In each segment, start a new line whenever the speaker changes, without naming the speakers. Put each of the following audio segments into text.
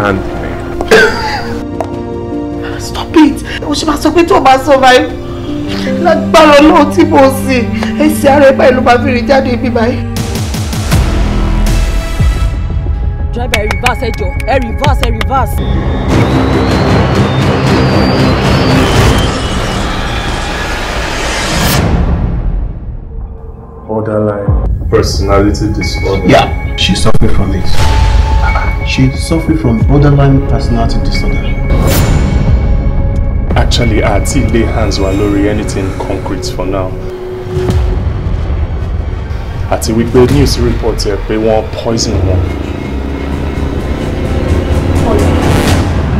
hand me.
Ah, stop it! We should máa sọ pé tó o bá survive. Lágbára náà tí mo sì ẹsẹ̀ ara ẹ̀ báyìí ló máa fi rìn jáde Drive báyìí. reverse ẹ A reverse a reverse.
Borderline personality disorder. Yeah,
she suffered from it. She
suffered from borderline personality disorder.
Actually, I didn't lay hands on Lori. anything concrete for now.
Àti wípé news report They want wọ́n poison wọn.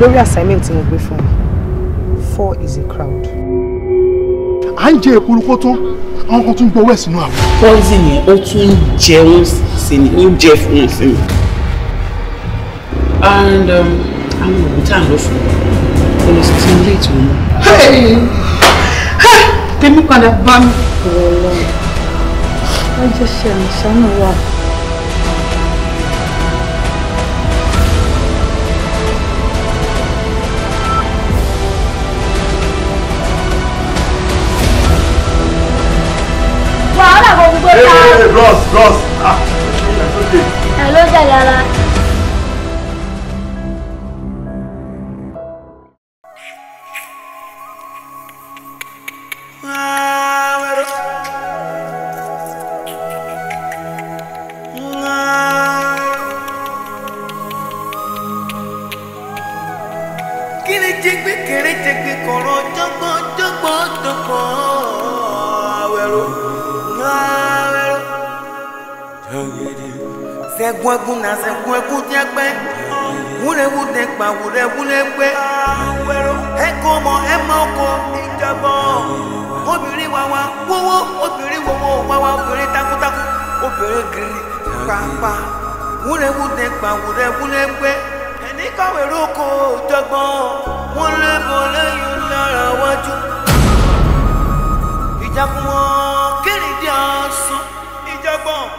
Lórí assignment tí mo gbé fún un, four is a crowd. I'm ń jẹ èkúrúkó tán, àwọn kan west now. ẹ̀ sínú àwọ̀. Poison yẹn ó tún jẹun sí ni, ó jẹ fún un and àwọn oògùn tá à ń lò fún ọ lọ sí ti ilé ìtura náà. tèmi padà bá mi. ọlọ́run wọ́n
jẹ́ ṣe àmìṣá náà wà.
wàhálà gbogbo ta. ee bros bros ah
it's okay. Hello, ló
Sẹ́gun ẹkún náà sẹ́gun ẹkún tí ẹ pẹ́. Wúrẹ́wú tẹ pa wúrẹ́wú lẹ pẹ́. Ẹ̀kọ́ ọmọ ẹ mọ ọkọ ìjọba. Obìnrin wa wa wọ́wọ́ obìnrin wọ́wọ́ wa wa obìnrin takuntakun obìnrin gírí pàápàá. Wúrẹ́wú tẹ pa wúrẹ́wú lẹ pẹ́. Ẹni kọ̀wé rókò ìjọgbọ́n. Wọ́n lé bọ̀ lẹ́yìn lára wájú. Ìjàkùmọ̀ kiri di ọ̀sán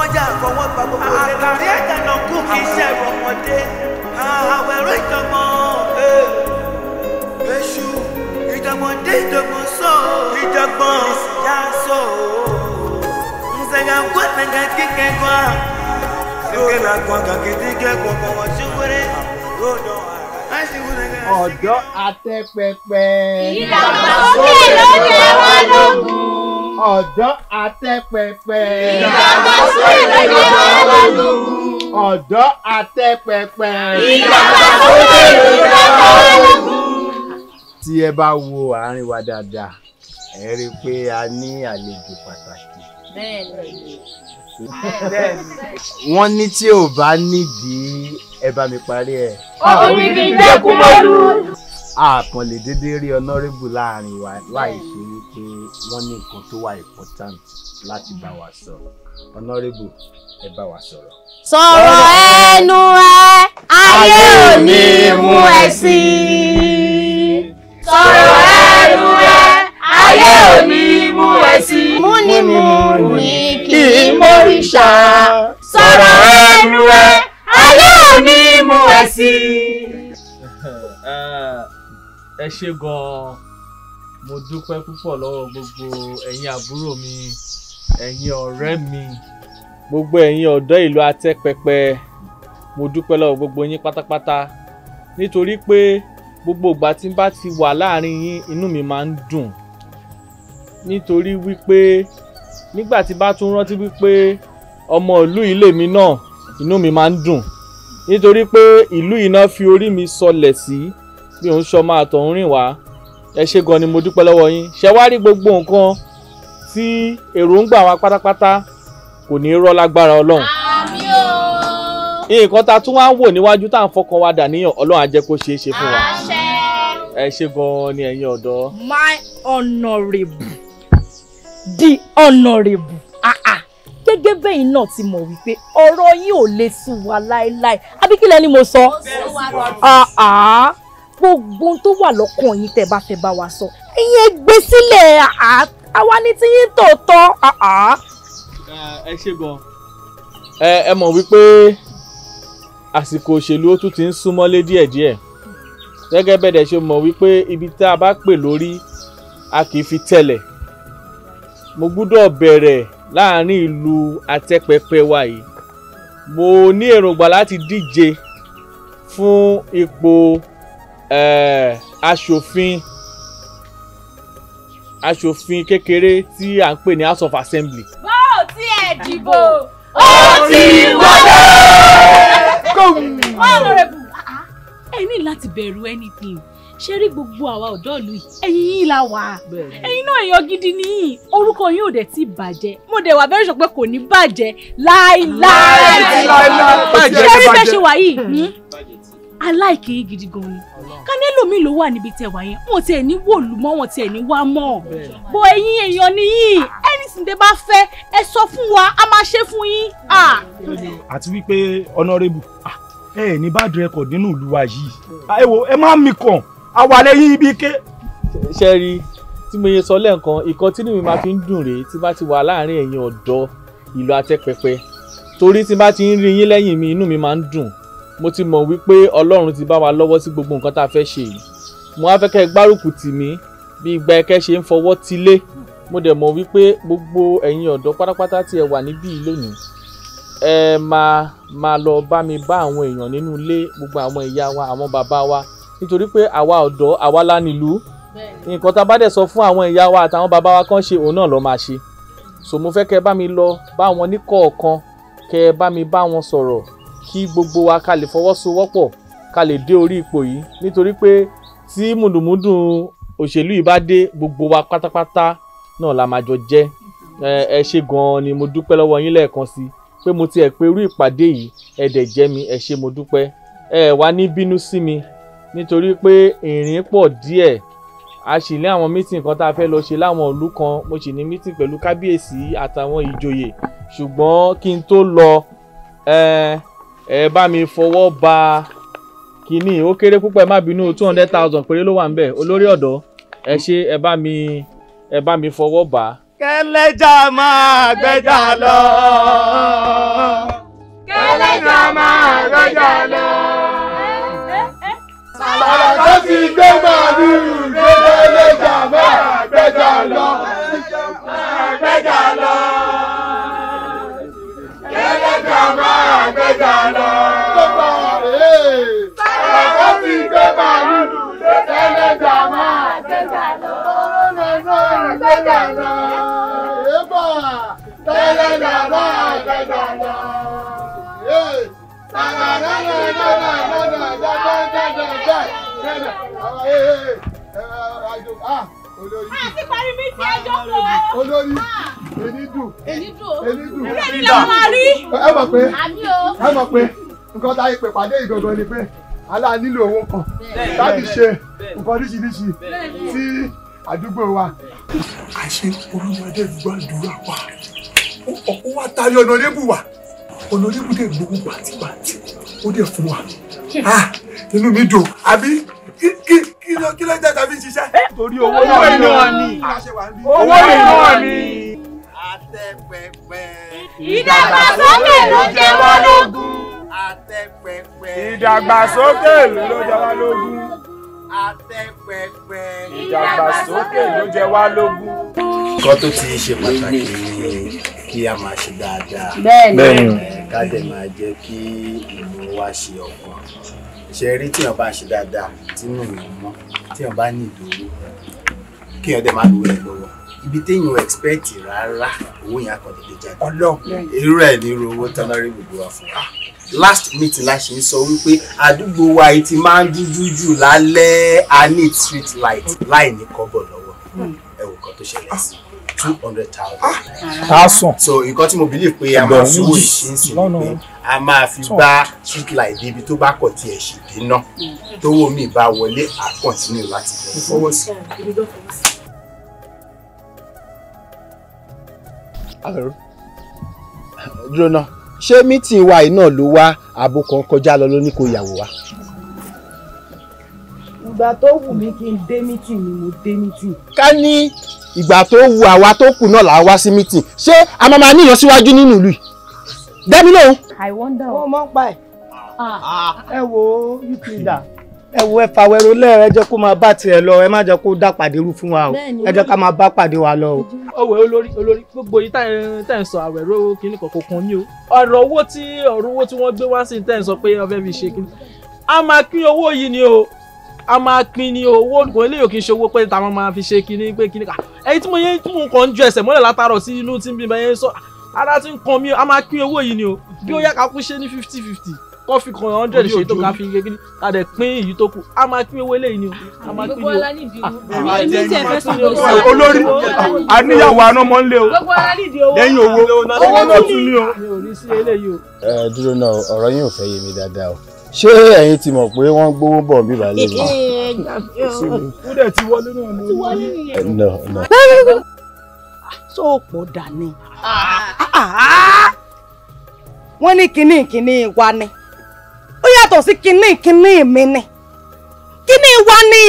kọjá àfọwọ́ gba gbogbo rẹ. àkàrí àjànà kú kì í ṣe ọmọdé ah, àwẹ̀rọ ìjọ̀gbọ̀n. Eh. èṣù ìjọ̀gbọ̀n dé sọ ìjọ̀gbọ̀n ìsìyá sọ. nsẹ̀gà nàgà kíkẹ́ gbọ́. lókè làgbọ̀n kàkìtì kẹ́kọ̀ọ́ kọ̀ wọ́n ṣe wẹ́rẹ́ ọ̀dọ́ atẹ́pẹpẹ. ìdàgbàsókè ló jẹ́ wọ́n ọ̀dọ́ àtẹpẹpẹ. ìdàgbàsókè lọ́jọ́ ọlọ́lù. ọ̀dọ́ àtẹpẹpẹ. ìdàgbàsókè lọ́jọ́
ọlọ́lù. tí ẹ bá wo àárín wa dáadáa ẹ rí i pé a ní àlejò pàtàkì.
bẹ́ẹ̀ni.
wọ́n ní tí ò bá nídìí ẹ bá mi parí ẹ̀. omi kì í dẹ́kun mọ́lú àpọ̀n lè déédéé rí ọ̀nàrẹ́bù láàrin wa láì ṣe wípé wọ́n ní nǹkan tó wà important
láti bá wa sọ
ọ̀nàrẹ́bù ẹ bá wa sọ̀rọ̀. sọ̀rọ̀ ẹnu ẹ ayé ò ní mú ẹ
sí i sọ̀rọ̀ ẹnu ẹ ayé ò ní mú ẹ sí i mú ni mú ni kì í mórìṣà sọ̀rọ̀ ẹnu ẹ
ayé ò ní mú ẹ sí i ẹ ṣe gan-an mo dúpẹ́ púpọ̀ lọ́wọ́ gbogbo ẹ̀yin àbúrò mi ẹ̀yin ọ̀rẹ́ mi gbogbo ẹ̀yin ọ̀dọ́ ìlú Atẹ́pẹpẹ mo dúpẹ́ lọ́wọ́ gbogbo yín pátápátá nítorí pé gbogbo ìgbà tí n bá ti wà láàrin yín inú mi máa ń dùn nítorí wípé nígbà tí bá tún rántí wípé ọmọ ìlú ilé mi náà inú mi máa ń dùn nítorí pé ìlú iná fi orí mi sọlẹ̀ sí mi ò sọ máa tọ̀ ń rìn wá ẹ ṣé gan ni mo dúpẹ́ lọ́wọ́ yín ṣe wá rí gbogbo nǹkan tí èròǹgbà wa pátápátá kò ní í rọ́ lágbára ọlọ́run. nǹkan tá tún wá wò níwájú tá à ń fọkàn wa dà níyàn ọlọ́run á jẹ́ kó ṣeé ṣe fún wa. ẹ ṣé gan ni ẹ̀yin ọ̀dọ́.
my honourable the honourable gẹ́gẹ́ bẹ́yìn náà ti mọ̀ wípé ọ̀rọ̀ yìí ò lè sú wa láéláé àbí kí mo sọ gbogbo ohun tó wà lọ́kàn yín tẹ́ bá fẹ́ bá wa sọ ẹ̀yin ẹ gbé sílẹ̀ àwa ní tí
yín tòótọ́. ẹ ṣe gan ẹ mọ̀ wípé àsìkò òṣèlú ó tún ti ń súnmọ́lé díẹ̀díẹ̀ gẹ́gẹ́ bẹ́ẹ̀ ṣe mọ̀ wípé ibi tá a bá pè lórí a kì í fi tẹ̀lẹ̀ mo gbúdọ̀ bẹ̀rẹ̀ láàrin ìlú Àtẹ́pẹpẹ wa yìí mo ní èròǹgbà láti díje fún ipò eh, aṣòfin aṣòfin kékeré tí à ń pè ní house of assembly.
bó o ti ẹ̀ dìbò ó ti
wọlé. ọ̀rẹ́bù ah, ah. ẹ ní láti bẹ̀rù anything ṣe rí gbogbo àwa ọ̀dọ́ ìlú yìí ẹ̀yin yìí la wà
ẹ̀yin náà èèyàn gidi
nìyí orúkọ yín ò dẹ̀ ti bàjẹ́ mo dẹ̀ wà bẹ́ẹ̀ sọ pé kò ní bàjẹ́ láéláé ṣe rí bẹ́ẹ̀ ṣe wà yìí aláìkè hmm? yín gidi gan ni kanelo mi ló wà níbi tẹ wà yẹn wọn tiẹ̀ ní wòlú mọ́ wọn tiẹ̀ ní wá mọ́ bó ẹ̀yin èèyàn nìyí anything tẹ́ bá fẹ́ ẹ sọ fún wa a máa ṣe fún yín.
àti wípé honourable ẹ ẹ ní bad record nínú ìlú wa yìí ẹ wo ẹ má mi kàn àwa lẹ́yìn ibi ké. ṣe rí tí mo yẹ sọ lẹ́ẹ̀kan ìkan tínú mi máa fi ń dùn rèé tí bá ti wà láàrin ẹ̀yin ọ̀dọ́ ìlú Àtẹ́pẹpẹ torí tí bá ti ń rí yín lẹ́yìn mi inú mi máa ń dùn mo ti mọ̀ wípé ọlọ́run ti bá wa lọ́wọ́ sí gbogbo nǹkan tá a fẹ́ ṣe yìí mo wá fẹ́ kẹ́ ẹ gbárùkù tì mí bí ìgbà ẹ̀kẹ́ ṣe ń fọwọ́ ti lé mo dẹ̀ mọ̀ wípé gbogbo ẹ̀yin ọ̀dọ́ pátápátá tí ẹ wà níbí yìí lónìí ẹ máa máa lọ bá mi bá àwọn èèyàn nínú ilé gbogbo àwọn ìyá wa àwọn bàbá wa nítorí pé àwa ọ̀dọ́ àwa lá nílùú nǹkan tá a bá dẹ̀ sọ fún àwọn ìyá wa àtàwọn bàbá wa kan ṣe òun náà ló máa ṣe so mo fẹ́ kẹ́ ẹ bá mi lọ bá wọn ní kọ̀ọ̀kan kẹ́ ẹ bá mi bá wọn sọ̀rọ̀ kí gbogbo wa ká lè fọwọ́sowọ́pọ̀ ká lè dé orí ipò yìí nítorí pé tí mùdùmùdù òṣèlú yìí bá dé gbogbo wa pátápátá náà la máa jọ jẹ́ ẹ ṣe gan-an ni mo dúpẹ́ lọ́wọ́ yín lẹ́ẹ̀kan sí pé mo tiẹ̀ pé irú ìpàdé yìí ẹ dẹ̀ jẹ́ mi ẹ ṣe mo dúpẹ́ ẹ wá ní bínú sí mi nítorí pé ìrìn pọ̀ díẹ̀ a sì ní àwọn mítìn kan tá a fẹ́ lọ ṣe láwọn ìlú kan mo sì ní mítìn pẹ̀lú kábíyèsí àtàwọn ìjòyè ṣùgbọ́n kí n tó lọ ẹ. Eh, ẹ bá mi fọwọ́ ba kínní ó kéré púpọ̀ ẹ má bínú two hundred thousand péré ló wà ń bẹ̀ olórí ọ̀dọ́ ẹ ṣe ẹ bá mi ẹ bá mi fọwọ́ ba.
kẹlẹ́jà máa gbẹ́jà lọ.
kẹlẹ́jà máa gbẹ́jà lọ. sàlàyé tó ti gbé màálù gbé lọ. dáná tó bá rè é. Bàbá ti gbé màlúù
ló tẹ́lẹ̀ jà máa tẹ̀jà
lọ. Nana tẹ̀jà lọ. Èébà tẹ́lẹ̀ jà máa tẹ̀jà lọ. Bàbá nana nana nana jájá jájá jájá. Àjò ah àti ah, parí mi ti ẹjọ́
kọ́. olórí èyí dùn èyí dùn èyí dùn. bẹ́ẹ̀ ni làwọn máa rí. ẹ mọ̀ pé ẹ mọ̀ pé nǹkan tá a pè pàdé ìgangan ni pé alá nílò owó kan láti ṣe nǹkan oríṣiríṣi sí àdúgbò wa. àṣé olúmọdé gbàdúrà wa ó wá tayọ ọ̀nà lébù wa ọ̀nà lébù dé gbogbo pàtìpàtì ó dé fún wa ah, inú mi dùn àbí kí ló kí ló jẹ́ tàbí ṣiṣẹ́. Eh! torí owó náà ni owó náà ni. atẹ́pẹpẹ. ìdàgbàsókè ló jẹ́ wá lógún. atẹ́pẹpẹ. ìdàgbàsókè ló jẹ́ wá lógún.
atẹ́pẹpẹ. ìdàgbàsókè
ló jẹ́ wá lógún.
nǹkan tó ti ṣe pàtàkì ni kí a máa ṣe dáadáa. bẹ́ẹ̀ ni ká dẹ̀ máa jẹ́ kí ìlú wa ṣe ọ̀kan ṣe rí tíyàn bá ń ṣe dáadáa tínú èèyàn mọ́ tíyàn bá ní ìdòwò kíyàn dẹ̀ máa lò rẹ̀ lọ́wọ́ ibi téèyàn expect rárá owó yẹn akọ̀dédé jáde ọlọ́run irú ẹ̀ ní irú owó tán lórí gbogbo wa fún wa ah, last meeting la ṣe ń sọ wípé àdúgbò wa yìí ti máa ń dúdú jù lálẹ́ i need street light láì ní kọ́bọ̀ lọ́wọ́ hmm. ẹ wò kan tó ṣẹlẹ̀ sí two hundred thousand. Ah. thousand. so nǹkan tí mo believe pé a máa fi owó ṣe ń sìn pé a máa fi bá streetlight débi tó bá kọ̀ tiẹ̀ ṣì dínà mm. tówó mi bá wọlé
àkọ́ntínú láti fọwọ́ sí. drona ṣé mítìn wa iná ló wá àbò kan kọjá lọ lóní kó yàwó wa. ìgbà tó wù mí kí n dé mítìn ni mo dé mítìn. ká ní ìgbà tó wù àwa tó kù náà là wá sí mítìn ṣé a máa máa níyàn síwájú nínú ìlú yìí dẹ́mi lóhùn. I wonder. Oh mọ́ pa ẹ̀. Ah. Ah. ẹ wo yúkìndà ẹ wo ẹ fàwẹ́rọ lẹ́ẹ̀rẹ́ jẹ́ kó máa bá tiẹ̀ lọ ẹ má jẹ́ kó dá pàdé rú fún wa o ẹ jẹ́ ká máa bá pàdé wa lọ o.
ọwọ́ olórí olórí gbogbo yìí tẹ̀ ń sọ àwẹ̀rọ kìíní kọ̀ọ̀kan kan ní o ọ̀rọ̀ owó tí ọ̀rọ̀ owó tí wọ́n gbé wá sí tẹ̀ ń sọ pé ó fẹ́ fi ṣe kìíní a máa pín owó yìí ni o a máa pín ni owó kò eléyò kì í ṣe owó pé táwọn máa fi ṣe kìíní pé kìíní ká èyí tí mo yẹn tí mo kàn ń ju ẹsẹ̀ mọ́lẹ̀ látàárọ̀ sí inú tí mi bá yẹn sọ ara ti ń kan mi a máa pín owó yìí ni o bí ó yá ká kún ṣe ní fifty fifty kọ́ fi kan hundred ṣe tó ká fi yé kí ká dẹ̀ pín èyí tó kù a máa pín owó eléyìí ni o a máa pín owó. olórí àníyàwó
àná mọ́ ń lé o
lẹ́yìn owó owó náà tún ní o.
ẹ dúró náà ọ̀rọ̀ yín ò fẹ́ yé mi dáadáa o ṣé ẹ̀yin ti mọ̀ pé wọ́n gbówó bọ̀ ń bíbá lẹ́yìn.
kúdẹ̀ ti wọlé náà ló ń wọlé sóòpù dání. wọ́n ní kinní kinní wa ni ó yàtọ̀ sí kinní kinní mi ni kinní wa ni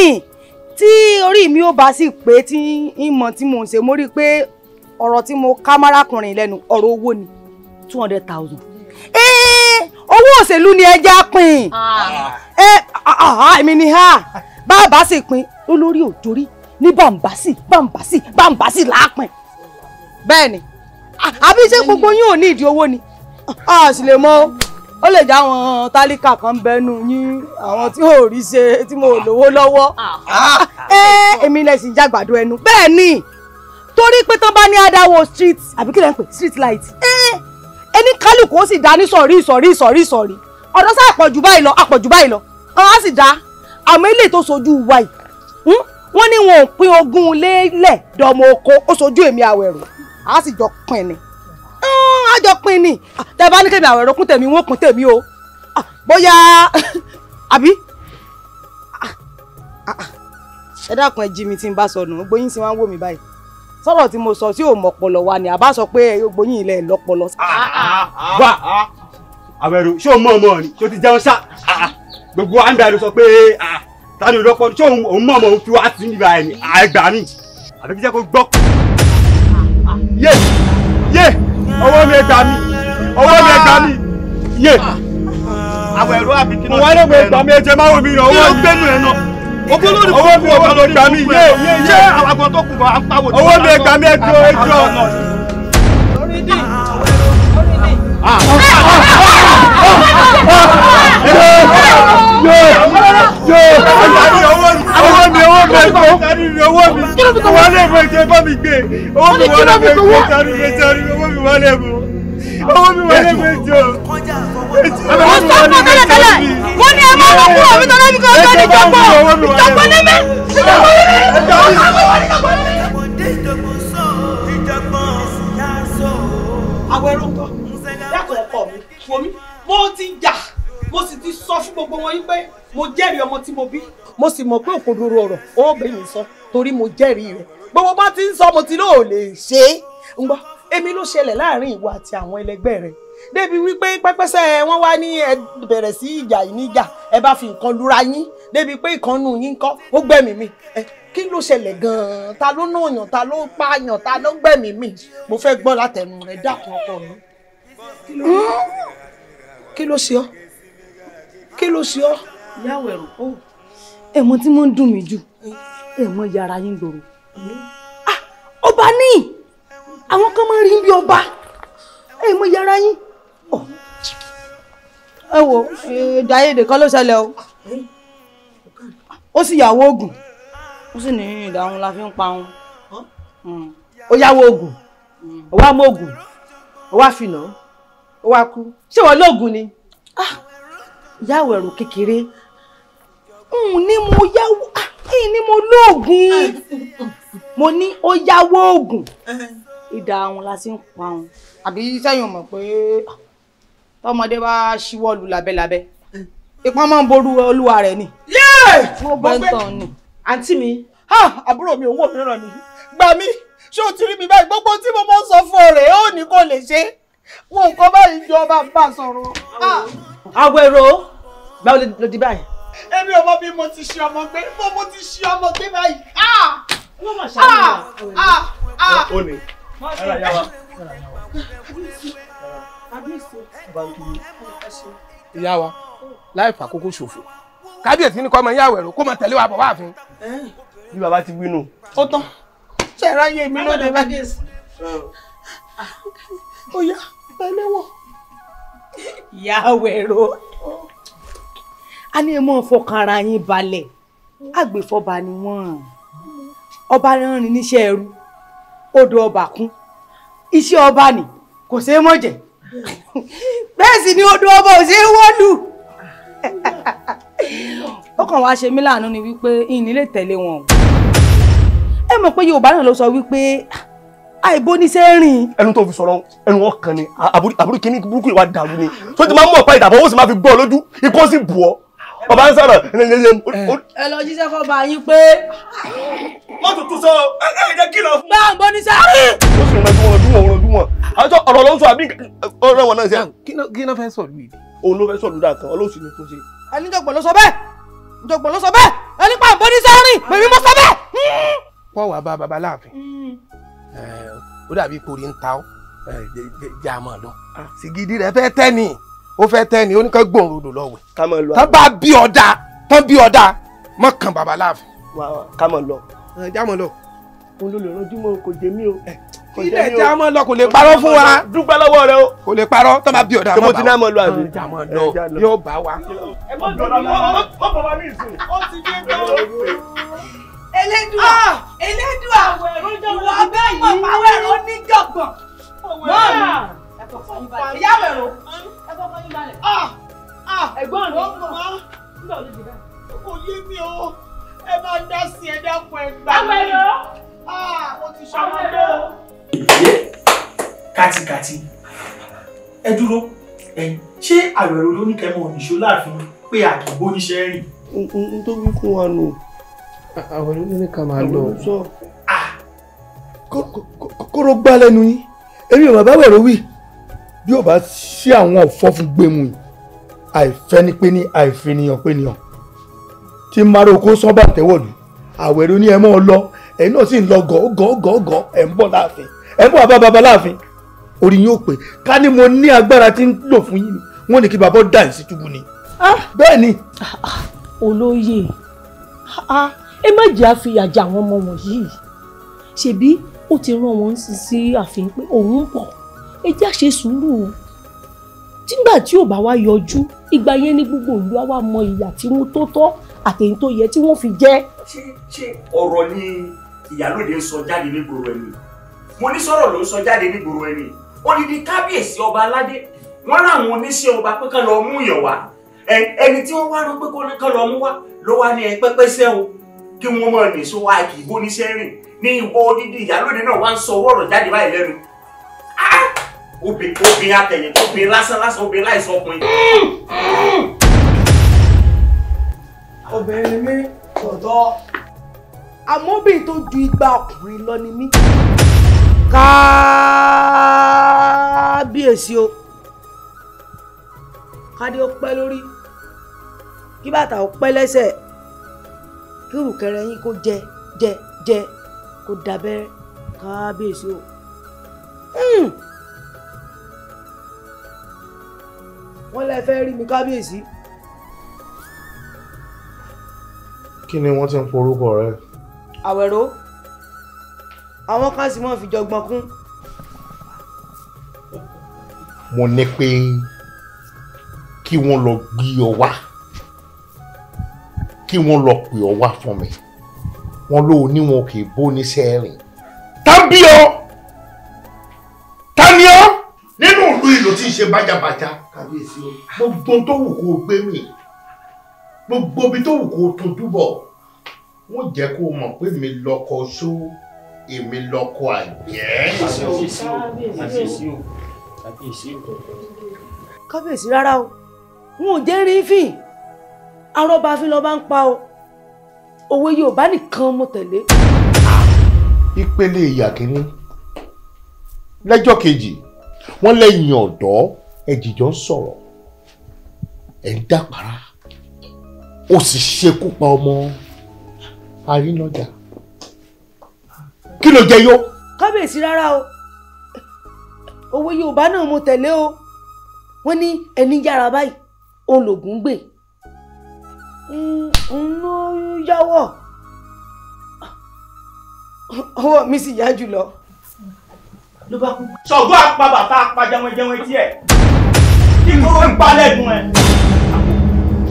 tí orí mi ò bá sì pé tí ìmọ̀ tí mo ń ṣe mo rí i pé ọ̀rọ̀ tí mo ká márákùnrin lẹ́nu ọ̀rọ̀ owó ni two hundred thousand owó òṣèlú ni ẹja pín ẹ èmi ni ha bá a bá sì pín olórí òjòrí ní bàǹbàṣì bàǹbàṣì bàǹbàṣì làápín bẹ́ẹ̀ ni àbí ṣé gbogbo yín ò ní ìdí owó ni a sì lè mọ ó lè jẹ́ àwọn tálíkà kan bẹnu yín àwọn tí ò rí ṣe tí mo lówó lọ́wọ́ ah. èmi lẹ̀ sì jàgbàdo ẹnu bẹ́ẹ̀ ni torí pé tán bá ní adáwọ̀ street àbí kí ń pè street light ẹni kálukú ó sì dá ní sọ̀rí sọ̀rí sọ̀rí sọ̀rí ọ̀dọ́ sá àpọ̀jù báyìí lọ àpọ̀jù báyìí lọ ọ̀hún á sì dá àmọ́ ilé tó sojú wa yìí hmm, wọ́n ní wọn ò pín ogún lélẹ̀ dọ́mọ oko ó sojú èmi àwẹ̀rù a sì jọ pin ni ah, a jọ pin ni ah, tẹ bá ní kébì àwọn ẹ̀rọ kún tèmi wọn kún tèmi o ah, bóyá àbí ẹ dákun ẹ jí mi tí n bá sọnù gbóyin sì máa ń wò mí báyìí sọ̀rọ̀ tí mo sọ tí ò mọ̀pọ̀lọ wa ni àbá sọ pé gbóyin ilẹ̀ lọ́pọlọ. wá àwẹ̀rò ṣé o mọ̀ ọmọ ni ṣé o ti jẹun ṣá gbogbo àǹdà sọ pé tani ò lọ́pọ̀ ṣé òun mọ̀ ọmọ fi wá sí níbi àìgbà mi àbí kí jẹ́ kó gbọ́ yé ah. yé ọwọ́ mi ẹ gbà mí ọwọ́ mi ẹ gbà mí yé. Ah. àwọn ẹ̀rọ àbí kí ló ń gbẹ ẹ̀rọ mi ẹ̀jẹ̀ máa wò mí ràn ọwọ́ mi. kí ló ń gbẹ́nu ẹ̀ náà
ogolórí ọwọ́ mi ọ̀gá ló gbà mí yé ṣé
àwọn tó kù bá ọwọ́ mi ẹ gbà mí ẹ jọ Àwọn ẹrú ń kọ́, dákun ẹ̀kọ́ mi, fomi, mo ti jà mo sì ti sọ fún gbogbo wọn yín pé mo jẹ́rìí ọmọ tí mo bí mo sì mọ̀ pé òkodoro ọ̀rọ̀ ó bẹ̀ mí sọ torí mo jẹ́rìí rẹ̀ gbogbo bá ti ń sọ mo ti náà ò lè ṣe é ń gbọ́ èmi ló ṣẹlẹ̀ láàrin ìwọ àti àwọn ẹlẹgbẹ́ rẹ̀ débi wípé pẹ́pẹ́sẹ́ wọn wá ní ẹ bẹ̀rẹ̀ sí ìjà ìníjà ẹ bá fi nǹkan lura yín débi pé ìkànnù yín kọ́ ó gbẹ̀mí mi kí ló ṣẹlẹ̀ gan-an ta ló náàyàn ta ló pààyàn ta ló gbẹ̀mí mi mo fẹ́ gbọ́ látẹnu rẹ̀ dákun ọkọ mi kí ló ṣe hmm? ọ́ kí ló ṣe ọ. ìyáwó ẹ̀rù ó. ẹ̀wọ̀n tí mo ń dùn mí jù ẹ̀wọ̀n yàrá yín gbòòrò. Ah, ọba ní àwọn kan máa ń rí bí ọba ẹ̀wọ̀n yàrá yín. ẹ wo èdè àìyedè kan ló ṣẹlẹ̀ o ó sì yàwó oògùn ó sì ní ìdáhùn la fi ń pa wọn ó hmm. yáwó oògùn hmm. ó wá mọ oògùn ó wá fìnà ó wá kú ṣé wọn lóògùn ni. Ah yàwó ẹ̀rù kékeré n ní mo yáwó ah, n ní mo lóògùn mo ní ó yáwó oògùn ìdá àwọn la sì ń pa wọn. àbí sẹ́yìn mọ̀ pé ah, tọmọdé bá ṣíwọ́ lu labẹ́labẹ́ ìpọ́n máa ń ború olúwa rẹ̀ ni. yéè mo gbọ́ pé àǹtí mi ah, àbúrò mi owó mìíràn ni gbà mí ṣé o ti rí mi báyìí gbogbo tí mo mọ sọ fún ọ rẹ ó ní kò lè ṣe wọn kò báyìí jọba bá sọ̀rọ̀. Agbero báwo ló di báyìí. èmi ò mọ bí mo ti ṣe ọmọ gbé mo mo ti ṣe ọmọ gbé báyìí. Ah! wọ́n mọ̀ ah! ṣáà ah! ó ní ara yá wa. ìyá wa láì fàkókò ṣòfò kábíyèsí ni kọ́ ọmọ ìyá Àwẹ̀rò kó máa tẹ̀lé wa bọ̀ wá àfin. bí baba ti wínú. ó tán ṣe ráyè mi lóde bá dé. ó yá ẹlẹ́wọ̀n
ìyá wẹ̀rọ
a ní ẹ mọ́ fọkàn ara yín balẹ̀ àgbẹ̀fọ́ba ni wọ́n ọba rìnrìn níṣẹ́ ẹrú odò ọba kún iṣẹ́ ọba ni kò ṣeé mọ̀ jẹ bẹ́ẹ̀ sì ni odò ọba ò ṣeé wọ́lù ó kàn ṣe mí láàánú ni wípé ìnílẹ̀ tẹ̀lé wọn ẹ mọ̀ pé Yorùbá náà ló sọ wípé àìbó ní sẹ́ rìn. ẹnu tó fi sọ̀rọ̀ ẹnu ọkàn ni àbúrò kìíní burúkú ìwà dàrú ni tó ti máa mú ọ̀pá ìdàbọ̀ ó sì máa fi gbọ́ lójú ikọ́ sì bù ọ́ ọba ń sọ̀rọ̀ ẹ̀ẹ́dẹ́gbẹ̀rún. ẹ lọ jíṣẹ́ fọba yín pé. wọ́n tuntun sọ ẹ̀ẹ́dẹ́ kìlọ̀ fún. báà ń bọ́ ní sáré. ó sì rìn lọ́dún wọn lọ́dún wọn àjọ ọ̀rọ̀ ló ń sọ àbí ọ̀rọ̀ wọn náà ṣe. kí ló fẹ́ sọ lù yìí. òun ló fẹ́ sọ lù dáa kan ọlọ́sì ni kò ṣe. ẹni jọ̀gbọ̀n ló sọ bẹ́ẹ̀ jọ̀gbọ̀n ló sọ bẹ́ẹ̀ ẹni pàǹbọ̀ ní sáré pèmí mo sọ bẹ́ẹ̀. pọ́wàá bá babaláàfin hmm ó dàbí kórè ń ta ọ́ jà mọ̀ lọ. Ah. sìgìdì rẹ̀ fẹ́ tẹ́ ó fẹ́ tẹ́ ó ní ká gbòòrò odò lọ tán bá bí ọ̀dà tán bí ọ̀dà mọ̀ kàn bàbá láàfin. ká mọ̀ lọ. jà mọ̀ lọ. olùlọ́rọ̀dúnmọ̀ kò jẹ mí o ilé tí mọ lọ kò lè parọ́ fún wa. dúpẹ́ lọ́wọ́ rẹ o. kò lè parọ́ tó máa bí ọ̀dà mọ́ bá wa. tòmọ́tì náà mọ lọ àbí. ọjà mọ lọ yóò bá wa. ẹ mọ jọ̀dọ̀ mọ́ bàbá mi sùn. ó ti dé tó elédùà ah! elédùà ìwọ bẹ́ẹ̀ mọ̀ pàwọ́ ẹ̀rọ níjọ̀gbọ̀n
mọ́ọ̀nù ìyáwó ẹ̀rọ
ẹ̀gbọ́n rẹ̀ nígbà wo ló dé báyìí. kò yé mi o ẹ máa dá sí ẹ dákun ẹ gbà mí. àwọn ẹ̀rọ ah! mo
ti ṣọwọ́ lọ. kátikáti ẹ dúró ẹ ṣé
àwẹ̀rọ ló ní kẹ́mọ̀ òníṣó láàfin pé àkìbóníṣẹ́ rìn. n tó wí fún wa nù. No àwọn olóyún ní ká máa lọ. sọ ah! kóró gbá lẹ́nu yín èmi ò bàbá wẹ̀rọ wí bí ò bá sí àwọn ọ̀fọ́ fún gbẹ̀mù yìí àìfẹ́ ni pé ní àìfẹ́niyàn pé niyàn tí maroko sán bá tẹ́wọ̀lù àwẹ̀rọ ní ẹ mọ́ ọ lọ ẹ̀yin náà sì ń lọ gọ́gọ́gọ́gọ́ ẹ̀ ń bọ̀ láàfin ẹ̀ ń bọ̀ bàbá bàbá láàfin orí yín ò pé ká ní mo ní agbára tí ń lò fún yín wọn ní kí bàbá dà yín sí ni ah! bẹ́ẹ̀ ni. Ah, olóyè ẹ má jẹ́ àfihàn jẹ àwọn ọmọ wọ̀nyí ṣebí ó ti rán wọn sí sí àfihàn pé òun ń bọ̀ ẹ jẹ́ àṣẹ sùúrù nígbà tí ò bá wá yọjú ìgbà yẹn ní gbogbo ìlú àwa mọ ìyà tí wọ́n tó tọ́ àtẹ̀yìn tó yẹ tí wọ́n fi jẹ. ṣé ṣé ọ̀rọ̀ ni ìyálóde ń sọ jáde nígboro ẹni mo ní sọ̀rọ̀ ló ń sọ jáde nígboro ẹni odidi kábíyèsí ọba aládé wọn làwọn oníṣẹ́ ọba pé kán lọ mú yàn wá ẹni tí wọ́n wá rán pé kán lọ mú wá ló wá ní ẹ pẹ́pẹ́ sẹ́wọ̀n kí wọ́n mọ̀ nìṣó wá kì í gbóni sẹ́rìn ní ìwọ odidi ìyálóde náà wá ń sọ ọ̀rọ̀ jáde báyìí lẹ́nu. Ah! obìnrin atẹ̀yìn obìnrin lásán lásán obìnrin láìsọ ọkùnrin. obìnrin mi tọ̀tọ̀. àmọ́ obìnrin tó ju igba ọkùnrin lọ ni mí. kábíyèsí o kádé ó pẹ́ lórí kí bàtà ó pẹ́ lẹ́sẹ̀ kí òrùkẹrẹ yín kó jẹ jẹ jẹ kó dábẹ́rẹ́ kábíyèsí o. Hmm. wọ́n lẹ fẹ́ rí mi kábíyèsí.
kí ni wọ́n ti ń porúkọ rẹ.
àwẹ̀rọ àwọn kan sì mọ̀ fi jọgbọ́n kún. mo ní pé kí wọ́n lọ gbé ọ wá kí wọ́n lọ pè ọ́ wá fún mi wọ́n ló níwọ̀n kì í bóni sẹ́rìn tábí ọ tani ọ nínú ìlú ìlú tí ń ṣe bájàbájà kàbíyèsí o gbogbo tó wù kó gbé mi gbogbo ibi tó wù kó tójú bọ̀ wọ́n jẹ́ kó mọ̀ pé mi lọ́kọ só èmi lọ́kọ àjẹ́. kábíyèsí rárá o n ò jẹ́ rí fín arọ́ba fi lọ́ba ń pa o òwe Yorùbá nìkan mo tẹ̀lé. ìpele ìyà kínní lẹ́jọ́ kejì wọ́n lẹ́yìn ọ̀dọ́ ẹ̀jìjọ́ ń sọ̀rọ̀ ẹ̀ ń dàpàrà ó sì ṣekú pa ọmọ àrínájà kí ló jẹ yó. kábíyèsí rárá o òwe Yorùbá náà mo tẹ̀lé o wọ́n ní ẹni yára báyìí òun lògùn gbè òun ló yáwọ̀ ọwọ́ mi sì yá jùlọ. ló bá kú. ṣọ̀gbọ́n apá bàtà apá jẹunjẹun etí ẹ̀ kí kóró ń palẹ̀ dùn ẹ̀.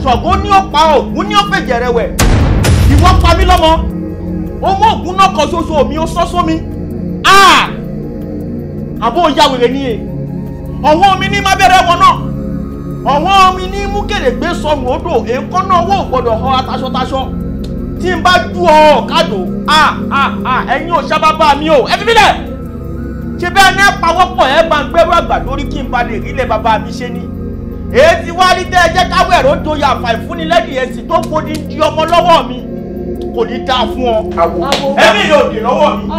ṣọ̀gbọ́n ní ó pa ògún ní ó fẹ̀jẹ̀ rẹ wẹ̀ ìwọ pa mí lọ́mọ ó mú ògún náà kan ṣoṣo mi ó sọ́sọ́ mi àbó ya wèrè ni e ọ̀wọ́n mi ní má wọn náà ọwọ́ mi ní mú kèrègbè sọnù odò èékánná ọwọ́ ò gbọ́dọ̀ họ ataṣọtaṣọ tí n bá ju ọ ọ̀kadò a a a ẹ̀yin ò sábàbà mi o ẹ fi mí lẹ̀ ṣe bẹ́ẹ̀ ní àpawọ́pọ̀ ẹ bá ń gbẹ́rú àgbà lórí kí n ba lè rí ilẹ̀ bàbá mi ṣe ni èyí ti wá rí tẹ́ ẹ jẹ́ káwé ẹ̀rọ doyà fàìfúnilẹ́dìí ẹ̀sìn tó kó di ọmọ lọ́wọ́ mi kò ní dáa fún ọ. ẹ̀mí yóò dé lọ́wọ́ mi.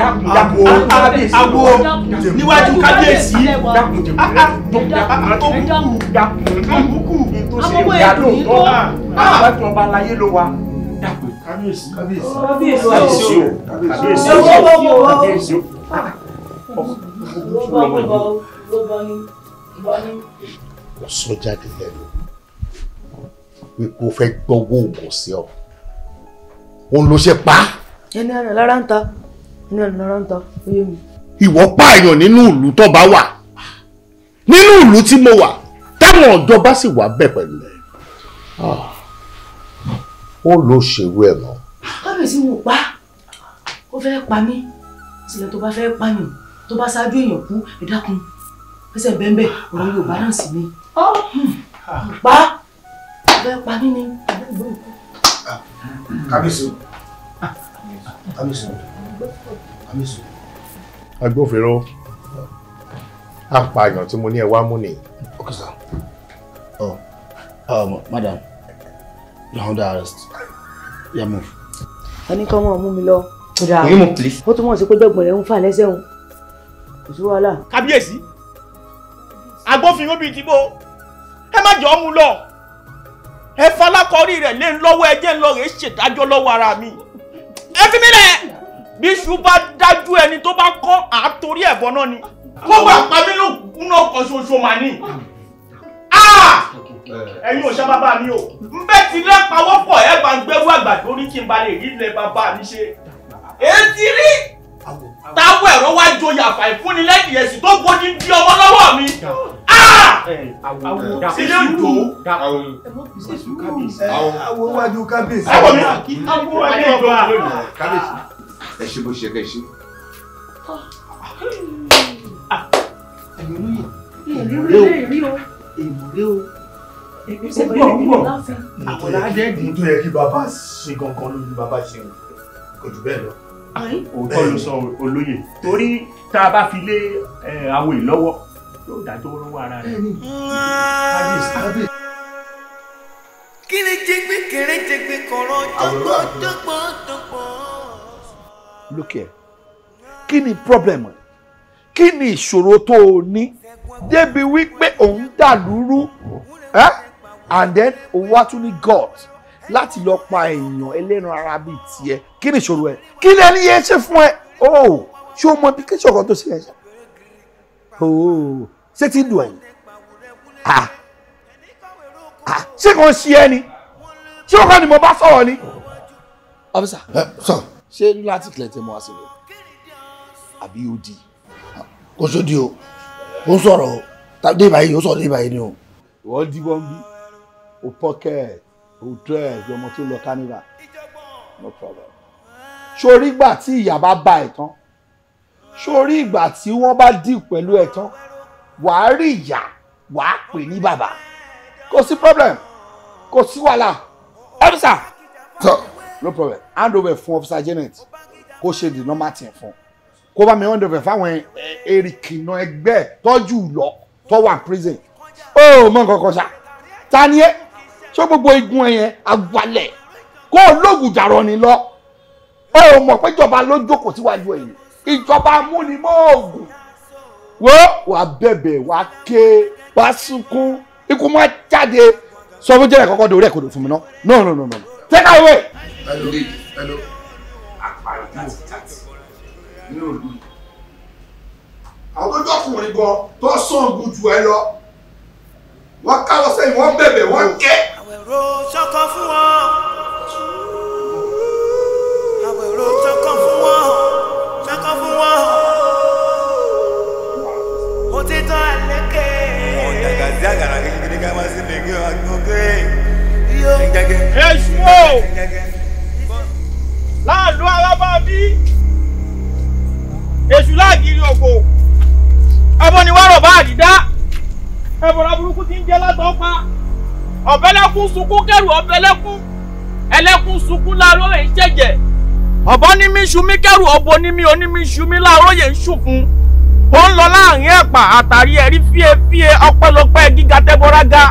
àgbo àgbo níwájú kábíyèsí. àbùkù
tó ṣe ìyá lóòótọ́
àbá tí wọ́n bá láyé ló wa. kábíyèsí
kábíyèsí kábíyèsí o kábíyèsí o kábíyèsí o.
sọ jáde lẹ́nu wípé o fẹ́ gbọ́wọ́ ògùn sí ọ
òun ló ṣe pa. ẹni àná lára ń ta ẹni àná lára ń ta oyè mi. ìwọ pààyàn nínú ìlú tó bá wà nínú ìlú tí mo wà táwọn ọ̀dọ́ bá sì wà bẹ̀ pẹ̀lú ẹ̀. Ah. ó lọ ṣèwé ẹ̀ mọ́. kábíyèsí wò pa ó fẹ́ pa mí ìsìlẹ̀ tó bá fẹ́ pààyàn tó bá ṣáájú èèyàn kú ẹ dákun ẹsẹ̀ bẹ́ẹ̀ ọ̀rọ̀ Yorùbá náà sì ni. Hmm. pa ó fẹ́ pa mí ni
kábíyèsí kábíyèsí kábíyèsí.
agbófinró
apààyàn tí mo ní ẹ wá mú nìyí. okay sir. oh um, madam you're under arrest yeah move.
ẹni kan máa mú mi lọ. kódà ó tún mọ̀ sí pé jẹ́gbọ̀n rẹ̀ ń fà lẹ́sẹ̀ òun kò sí wàhálà. kábíyèsí agbófinró bíi tìbó ẹ má jọ ọ́ mú lọ ẹ falákọrí rẹ̀ lé lọ́wọ́ ẹjẹ́ ńlọ rẹ̀ ṣèdájọ́ lọ́wọ́ ara mi ẹ fi mí lẹ̀ bí iṣu bá dájú ẹni tó bá kọ́ àtòrí ẹ̀bọ náà ni. kó bá pa mí ló kúnná kan ṣoṣo mà ní. ẹ̀yin òṣà bàbá mi o ń bẹ́ ti lẹ́pàá wọ́pọ̀ ẹ̀ bá ń àgbàdo ní kí n ba lè bàbá mi ṣe. èyí rí táwọn ẹ̀rọ wá joyè àfàìfúnni lẹ́yìn ẹ̀sìn tó gbóni di ọmọ lọ́wọ́ mi. sílé ìjò àwọn wájú kábíyèsí. àwọn mi àwọn wájú ìjọ à. kábíyèsí ẹ ṣe bó ṣe kẹ ṣe. ẹ̀yin olóyè èmi rí o èmi rí o
gbọ́ gbọ́ àwọn
ládẹ́gùn tó yẹ kí bàbá ṣe gangan ló ní bàbá ṣe kò jù bẹ́ẹ̀ lọ
òótọ́ ló
sọ olóyè torí tá a bá fi lé awo ìlọ́wọ́ yóò dájọ́ lọ́wọ́ ara rẹ̀. kí ni jẹgbẹ́ kéré jẹgbẹ́ kọ̀rọ̀ jọ́pọ̀ jọ́pọ̀ jọ́pọ̀. look here kí ni problem kí ni ìṣòro tó o ní débi wípé òun dàlúrú and then òun wá tún ní God láti lọ pa èèyàn ẹlẹ́ran ara bíi tiẹ̀ kí ni ìṣòro ẹ̀ kí ni ẹni yẹn ṣe fún ẹ o ṣé o mọ bí kí ṣọ̀kan tó ṣe ẹ ṣe o ṣé ti dùn ẹ̀yìn ṣé kò ń ṣe ẹ ni ṣé ọkàn ni mo bá sọ̀rọ̀ ni. ọfíìsà ṣé láti tilẹ̀ tẹ mọ́ àṣìlẹ̀ àbí ó di. kò sódì o ó ń sọ̀rọ̀
o dé ìbáyé yìí ó sọ̀rọ̀ dé ìbáyé ni o.
ìwọ dìbọn bí o pocket o dress ọmọ tó lọ carnival no problem sórí ìgbà tí ìyá bá bá ẹ̀ tán sórí ìgbà tí wọ́n bá dì pẹ̀lú ẹ̀ tán wàá rí ìyá wàá pè ní bàbá kò sí problem kò sí wàhálà officer tọ no problem hand over fún officer janet kó ṣe the normal thing fún kó bá mi hand over eh, Eric erìkìnà ẹgbẹ́ tọ́jú lọ tó wa prison ó oh, mọ nǹkan kan ṣá ta ni ẹ́ ṣé gbogbo igun ẹ̀yẹn awalẹ̀ kó o lóògùn jàrọ̀ ni lọ ó ò mọ̀ pé ìjọba ló jókòó síwájú ẹ̀yìn ìjọba amúnimóògùn wo wàá bẹ̀bẹ̀ wàá ké wàá sunkún ikú máa jáde sọ fún jẹ́rẹ̀ kọ́kọ́ dòrí kò dò fún mi náà no no no no take
away. hello hello àpàrọ̀ tàti tàti nínú òdu
àwọn tó jọkùnrin gan tó sàn gùn jù ẹ lọ wọ́n ká lọ sẹ́yìn wọ́n bẹ̀bẹ̀ wọ́n ké àwẹ̀rọ ṣọkọ fún wọn àwẹ̀rọ ṣọkọ fún wọn ṣọkọ fún wọn mo ti
tọ́ àlékè.
ọ̀dàgà sí àgàrà kékeré ká máa sí lè gbé ọgbọ́n gbé. èṣù o láàlú alábàbí èṣù láàgìrì ògbò ẹbọ ni wàá rọ̀ bá àdídá ẹbọ ra burúkú ti ń jẹ́ látọ̀ pa ọ̀bẹ́lẹ́kún sunkún kẹrù ọ̀bẹ́lẹ́kún ẹlẹ́kún sunkún láàárọ̀ rẹ̀ ń jẹ̀jẹ̀ ọ̀bọ ní mi ṣumí kẹrù ọ̀bọ ní mi oní mi ṣumí láàárọ̀ yẹn ń ṣùkún ó ń lọ láàrin ẹ̀pà àtàrí ẹ̀rí fíefíe ọpẹ́lọpẹ́ gíga tẹ́bọ́rágá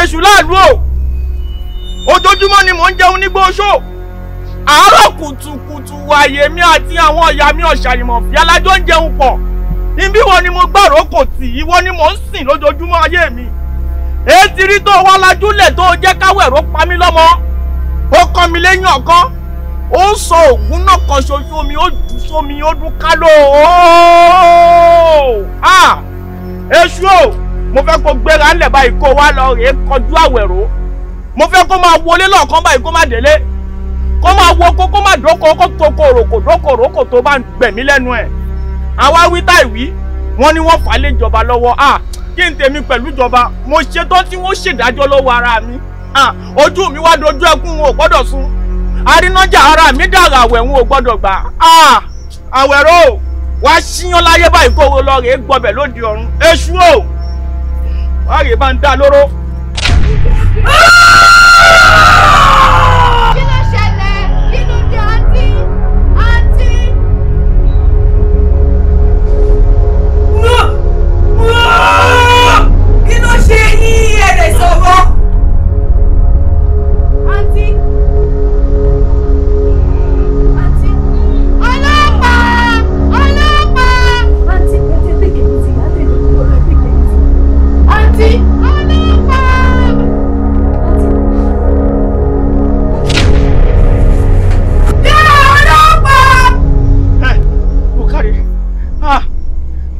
èṣù láàlú o ojoojúmọ́ ni mò ń jẹun nígbó oṣó àárọ̀ kùtùkùtù wàyè mi àti àwọn ọ̀yà mi ọ̀ṣàyìmọ̀ fi alájọ́ ń jẹun pọ̀ ibi wo ni mo gbàrò kò tì í ni mò ń sìn lójoojúmọ́ ayé mi ètí rí tó wá lajúlẹ̀ tó jẹ́ káwẹ̀rọ pa mí lọ́mọ ó kọ́ mi lẹ́yìn ọ̀kan ó sọ ògùn náà kan ṣoṣo mi ó jù sómi ó dún kálò èṣù o mo fẹ́ kó gbéra ńlẹ̀ báyìí kó wá lọ rèé kọjú àwẹ̀rọ mo fẹ́ kó máa wọlé lọ́ọ̀kan báyìí kó má délé kó máa wo kó kó má dóko kó tó kòròkò dókòrókò tó bá ń gbẹ̀mí lẹ́nu ẹ̀ àwa wí táì wí wọ́n ní wọ́n fà á lé ìjọba lọ́wọ́ kí n tèmi pẹ̀lú ìjọba mo ṣetán tí wọ́n ṣèdájọ́ lọ́wọ́ ara mi ojú mi wá dojú ẹkún wọn ò gbọ́dọ̀ arínájà ara mi dàrà àwẹ̀ wọn ò gbọ́dọ̀ gbà wá síyán láyé báyìí kó lóde ọ̀run èṣù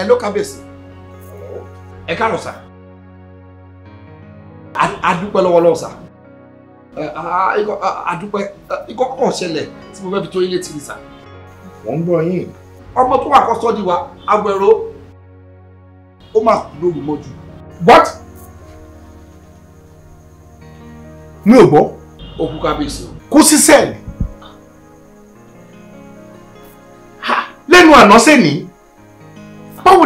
ẹ ló kábíyèsí. ẹ káàárọ̀ sà adúpẹ́ lọ́wọ́lọ́wọ́ sà adúpẹ́ ikọ́ kọ̀ ṣẹlẹ̀ tí mo fẹ́ fi tó ilé tì ní sà. wọ́n ń gbọ́ yín. ọmọ tó wà kọ́sọ́dì wa agbẹ̀rọ ó máa kú lóru mọ́jú. what? mi ò gbọ́. ó kú kábíyèsí o. kú sí sẹ́ẹ̀lì. lẹ́nu àná sẹ́ni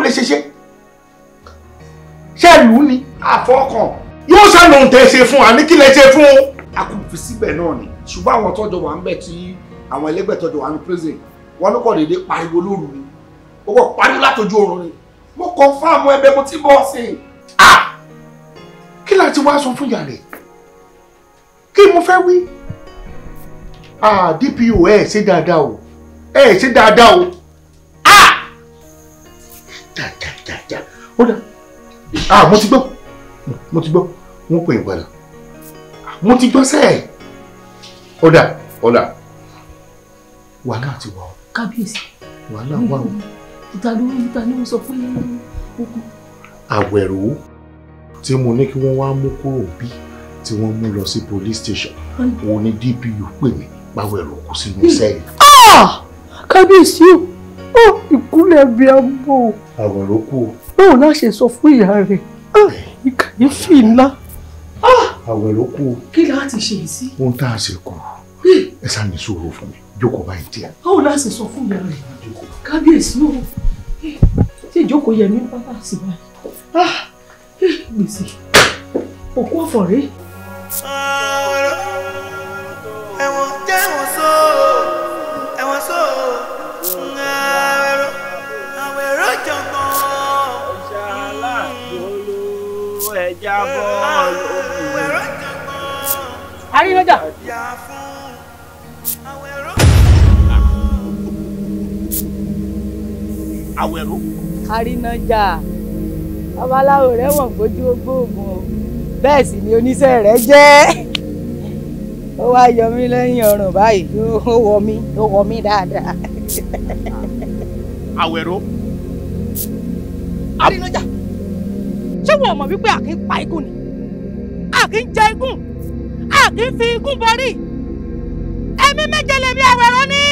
lè ṣe ṣe ṣe lù ú ni
àfọkàn
yóò ṣàna òun tẹ ṣe fún wa ní kí lè ṣe fún un.
a kò fi síbẹ̀ náà ni ṣùgbọ́n àwọn tọ́jọ wà ń bẹ̀ tí àwọn ẹlẹ́gbẹ́ tọ́jọ wà ní prison wọn ló kọ̀ déédéé
pariwo lóru ni ó kọ̀ pariwo látọjú oorun ni mo kàn fáàmù ẹ̀bẹ̀ mo ti bọ́ sí i. kí láti wá sọ fún yàrá kí mo fẹ́ wí. dpo ẹ ṣe dáadáa o ẹ ṣe dáadáa o jàjàjàjà ó dà ah mo ti gbọ́ mo ti gbọ́ wọ́n pè é padà mo ti gbọ́ sẹ́ẹ̀ ó dà ó dà wàhálà ti wà o, kábíyèsí wàhálà wà ó. ìta ló ń ta ni mo sọ fún okun.
àwẹ̀rò tí mo ní kí wọ́n wá mú kúrò bí tí wọ́n mú lọ sí police station
òun ni DPO pè mí pàwẹ̀rò kú sínú sẹ́yìn. Ah! kábíyèsí o oh, ìkúnlẹ̀ bí a bò. àwẹ̀rọ kù. báwo la ṣe sọ fún ìyá rẹ̀ ah, ìkàyéfì ńlá.
Ah! àwẹ̀rọ kù.
kí la ti ṣe yìí sí. ohun tá a ṣe kù ẹ sá ní sùúrù fún mi jókòó báyìí díẹ̀. báwo la ṣe sọ fún ìyá rẹ̀ kábíyèsí o ṣé ìjókòó yẹ mí pátá sí báyìí gbèsè òkú ọ̀fọ̀ rèé. ẹ̀wọ̀n sóò ẹ̀wọ̀n sóò. ẹja bọ́ ah, lómi. Arínájà. Àwẹ̀rọ. Arínájà. Babaláwo rẹ̀ wọ̀n
gbójú ogbóògùn o.
Bẹ́ẹ̀ sì ni oníṣẹ́ rẹ̀ jẹ́. Ó wá yọ mí lẹ́yìn ọrùn báyìí. Ó wọ mí, ó wọ mí dáadáa. Àwẹ̀rọ. Arínájà ṣé wọn mọ̀ wípé àkín pa igun ni àkín jẹ igun àkín fi igun borí ẹ̀mí méje lèmi àwẹ̀rọ ní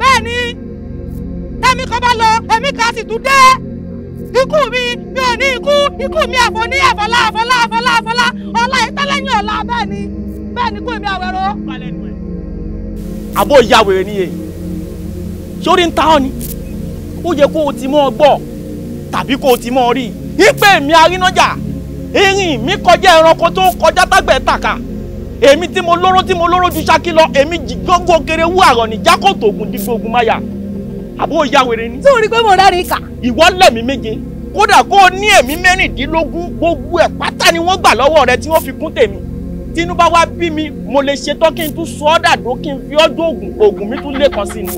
bẹ́ẹ̀ ni ẹ̀mí kan bá lọ ẹ̀mí kan sì tún dé ikú mi mi ò ní ikú ikú mi àfọ ní àfọlá àfọlá àfọlá àfọlá ọlá ìtẹ́lẹ́yìn ọ̀la bẹ́ẹ̀ ni bẹ́ẹ̀ ni kú mi àwẹ̀rọ. àbó ìyá wèrè nìyẹn ṣé ó ní ń ta ọ ni ó yẹ kó o ti mọ ọ gbọ́ tàbí kó o ti mọ ọ rí i ipe èmi arínájà irin mi kọjá ẹranko tó kọjá tágbẹ̀ tàkà èmi tí mo lóró tí mo lóró ju ṣákí lọ èmi gbogbo kéré wú àrọ̀ ní jákòtò ògùn dígbò ogun máyà àbó ìyá wèrè ni. tó o rí pé mo dárí kà. ìwọ lẹ́mìí méje kódà kó o ní ẹ̀mí mẹ́rìndínlógún gbogbo ẹ̀ pátá ni wọ́n gbà lọ́wọ́ rẹ tí wọ́n fi kún tèmi tínú bá wá bí mi mo lè ṣetán kí n tún sọ ọ́ dàdó kí n fi ọdún oògùn oògùn mi tún lè kàn sí ni.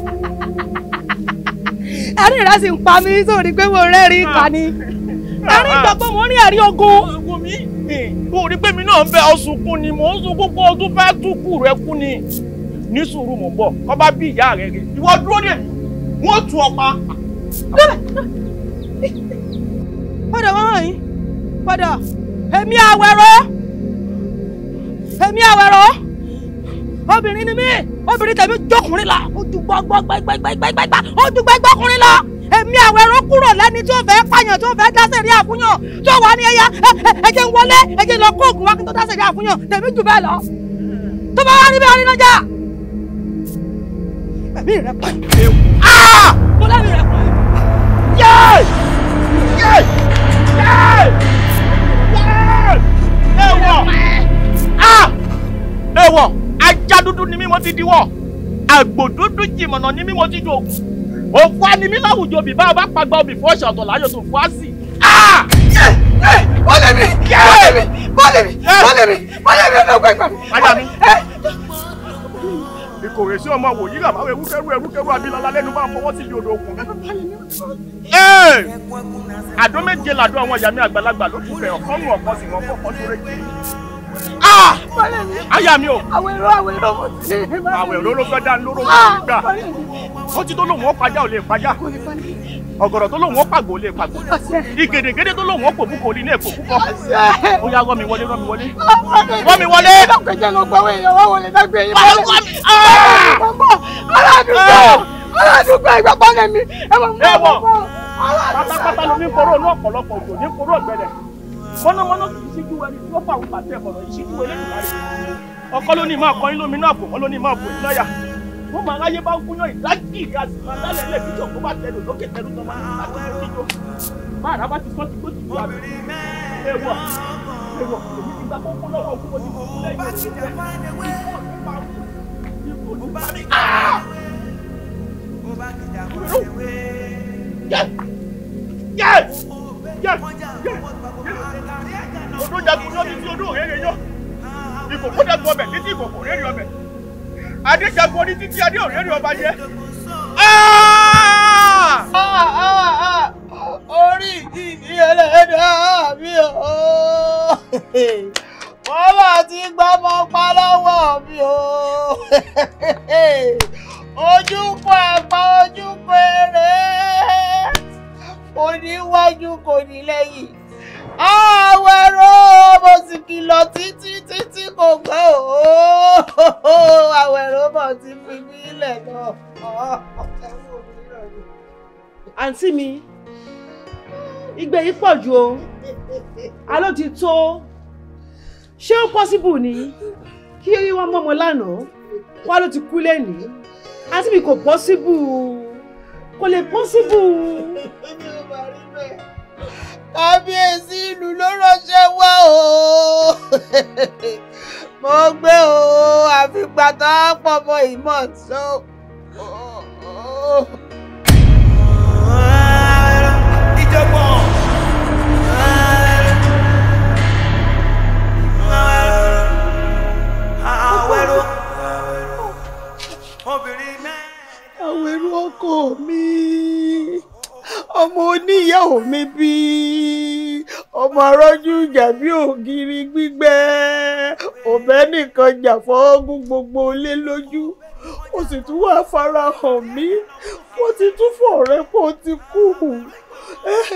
ẹni rẹ ń pa mí sórí pé mo rẹ́rìí kà ni. Ah àárín ìgbàgbọ́ mo rí àrí ogun. wo mi o rí pé mi náà ń bẹ ọsùnkún ni mò ń sunkún pé o tún fẹ́ túkù rẹ kú ni ní sùúrù mò ń bọ̀ kọ́ bá bí ìyá rẹ rè ìwọ dúró dè mí wọ́n tu ọ̀pá. padà wá hàn yín padà èmi àwẹ̀rọ̀ èmi àwẹ̀rọ̀ obìnrin ni mí obìnrin tẹ̀mí jókòó rí la ojú gbọ́gbọ́ gbẹ́gbẹ́gbẹ́gbẹ́gbẹ́ ojú gbẹ́gbọ́kùnrin lọ èmi àwọn ẹ̀rọ kúrò lẹ́ni tó fẹ́ pààyàn tó fẹ́ dá sẹ̀rí àfúnyàn tó wà ní ẹ̀yà ẹ̀jẹ̀ ń wọlé ẹ̀jẹ̀ lọ kó oògùn wá kí n tó dá sẹ̀rí àfúnyàn tèmi jù bẹ́ẹ̀ lọ tó bá wá níbi àrínájà ẹ̀mí rẹ̀ pọ̀ ah! mo lẹ́mi rẹ̀ pọ̀ yéé yéé yéé yéé ẹ̀wọ̀ ah! ẹ̀wọ̀ ajá dúdú ni mí mo ti diwọ̀ àgbò dúdú jìmọ̀nà ni mí mo ti jòògùn òfò ànimí láwùjọ òbí bá a bá pàgbà òbí fún ọ̀ṣà ọ̀tọ̀ láyò tó fò á bọ́lẹ̀ mi bọ́lẹ̀ mi bọ́lẹ̀ mi bọ́lẹ̀ mi bọ́lẹ̀ mi ọ̀nà ọgbà mi. padà mi. sí ọmọ wòyí rà máa ewu kẹrù abilala lẹnu máa fọwọ́ sí ibi odò òkun. àdó méje làdó àwọn ìyá mi àgbàlagbà ló kù fẹ́ ọ̀kọ́nù ọ̀kan sì wọ́n fọ́ àyà ah! mi o. àwẹ̀rọ àwẹ̀rọ mo ti rí ma. àwẹ̀rọ ló fẹ́ dá lóró wọn ah, gbà. ó ti tó lóun ó pàjá ò lè pàjá. ọ̀gọ̀rọ̀ tó lóun ó pàgbò ò lè pàgbò. ìgèdègèdè tó lóun ó pò púkọ orí ilé èkó púpọ̀. ó yá rọ́ mi wọlé rọ́ mi wọlé. Ah, rọ́ mi wọlé. ìdọ́kẹ̀jẹ̀ ló gbọ́ èèyàn wọ́n wọlé
dágbé yìí. aládùúgbò ìgbàgbọ́ lẹ́mi. ẹ̀wọ̀n
pátápátá ló ní koró ní ọ̀pọ̀lọpọ̀ òjò ní koró ọ̀gbẹ́lẹ̀ mọ̀nàmọ́ná kì í ṣíjú ẹni tí ó fà wù pàtẹ́ ọ̀rọ̀ ìṣíjú ẹlẹ́dùnmá rẹ̀ ọkọ ló ní máa kọ yín lómi náà bò wọ́n ló ní máa bò yín lọ́yà mo máa ráyé bá gúnyán ìdágìrì àtìmọ́ lálẹ́ lẹ́ẹ̀kí tó kó bá tẹ̀lé lókè tẹ̀lé tó máa ń bá tẹ̀lé kíjó máa rà bá ti sọ́ ti gbó ti wà mí ewọ̀ ewọ̀ èmi ti gba kókó lọ́wọ́ kó ti kó lẹ́yìn òkú rẹ̀ Yes! Yes! odó jagun náà ti fi odó òrèrè yọ ìkòkò dẹ́gun ọbẹ̀ títí ìkòkò òrèrè ọbẹ̀ adé jagun oní títí adé òrèrè ọba yẹ. orí ìdí ẹlẹ́dàá mi ò wọ́n bá ti gbọ́mọ pa lọ́wọ́ mi o ojúkọ ẹ̀pọ̀ ojúkọ eré kò ní wájú kò ní lẹ́yìn àwọn ẹ̀rọ mo sì kìlọ̀ títí títí kò gbọ́ ooo àwọn ẹ̀rọ mọ̀ ti fi mí lẹ̀ lọ. àǹtí mi igbe yìí pọ̀ ju o aló ti tó ṣé ó possible ni kí wọ́n mọ̀ mọ́ lánàá wọ́n ló ti kú lẹ́nìí àǹtí mi kò possible kò lè pọ́sibú. èmi ò máa rí bẹ́ẹ̀ kábíyèsí ìlú ló ránṣẹ́ wá o mo gbé o àfipàtà pọ̀ mọ́ ìmọ̀ tó. ìjọgbọ́n. ó rọ́kọ mi ọmọ oníyàwó mi bí ọmọ arọ́jú jàbí ògiri gbígbẹ ọ̀bẹ nìkan jàfọ́gún gbogbo lé lójú ó sì tún wá farahàn mí ó ti tún fọ̀rẹ́ pé ó ti kú eh,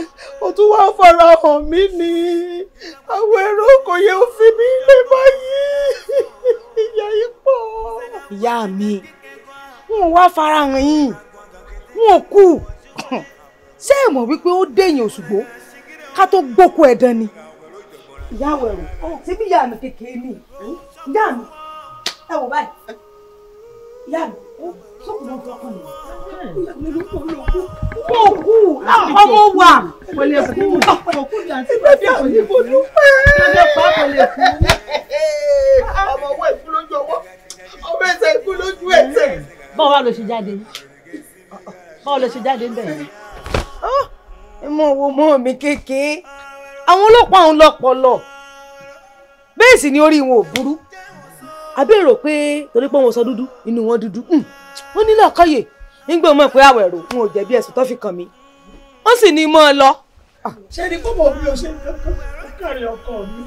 ó tún wá farahàn mí ni àwọn ẹ̀rọ kò yẹ ó fi mí lé báyìí ìyá yìí pọ̀. ìyá mi wọn wá farahàn yín wọn ò kú ṣé ẹ mọ̀ wípé ó dẹ̀yìn òṣùgbó ká tó gbóko ẹ̀dán ni. ìyá wẹ̀rù síbí ìyá mi kékeré ni hm? ìyá mi ẹ wò báyìí ìyá mi sọkùnrin ọkọ ọkọ mi ìyá mi ló kọ ló kú. mo kú ọmọ wa kò lè kú ah, kò kú ní àti bàbá kò lè kú lọ́dẹ pa kò lè kú. ọmọ ọwọ́ ìkú lójú ọwọ́ ọmọ ẹsẹ̀ ìkú lójú ẹsẹ̀. bọ́ọ̀ wa ló ṣe jáde. Ah, ah báwo ló ṣe jáde ńbẹ̀ yẹn. ẹ mọ owó mọ mi kékeré àwọn ọlọ́pàá òun lọ́pọlọ bẹ́ẹ̀ sì ni orí wọn ò burú àbẹ́ rò pé torí pé wọn sọ dúdú inú wọn dúdú hmm, wọn ní làákàyè nígbà mọ̀ pé àwẹ̀ rò wọn ò jẹ̀bi ẹ̀sùn tó fi kàn mí wọ́n sì ní mọ́ ọ lọ. Ah, ṣé ni kó mọ̀ bí o ṣe ń kárí ọkọ mi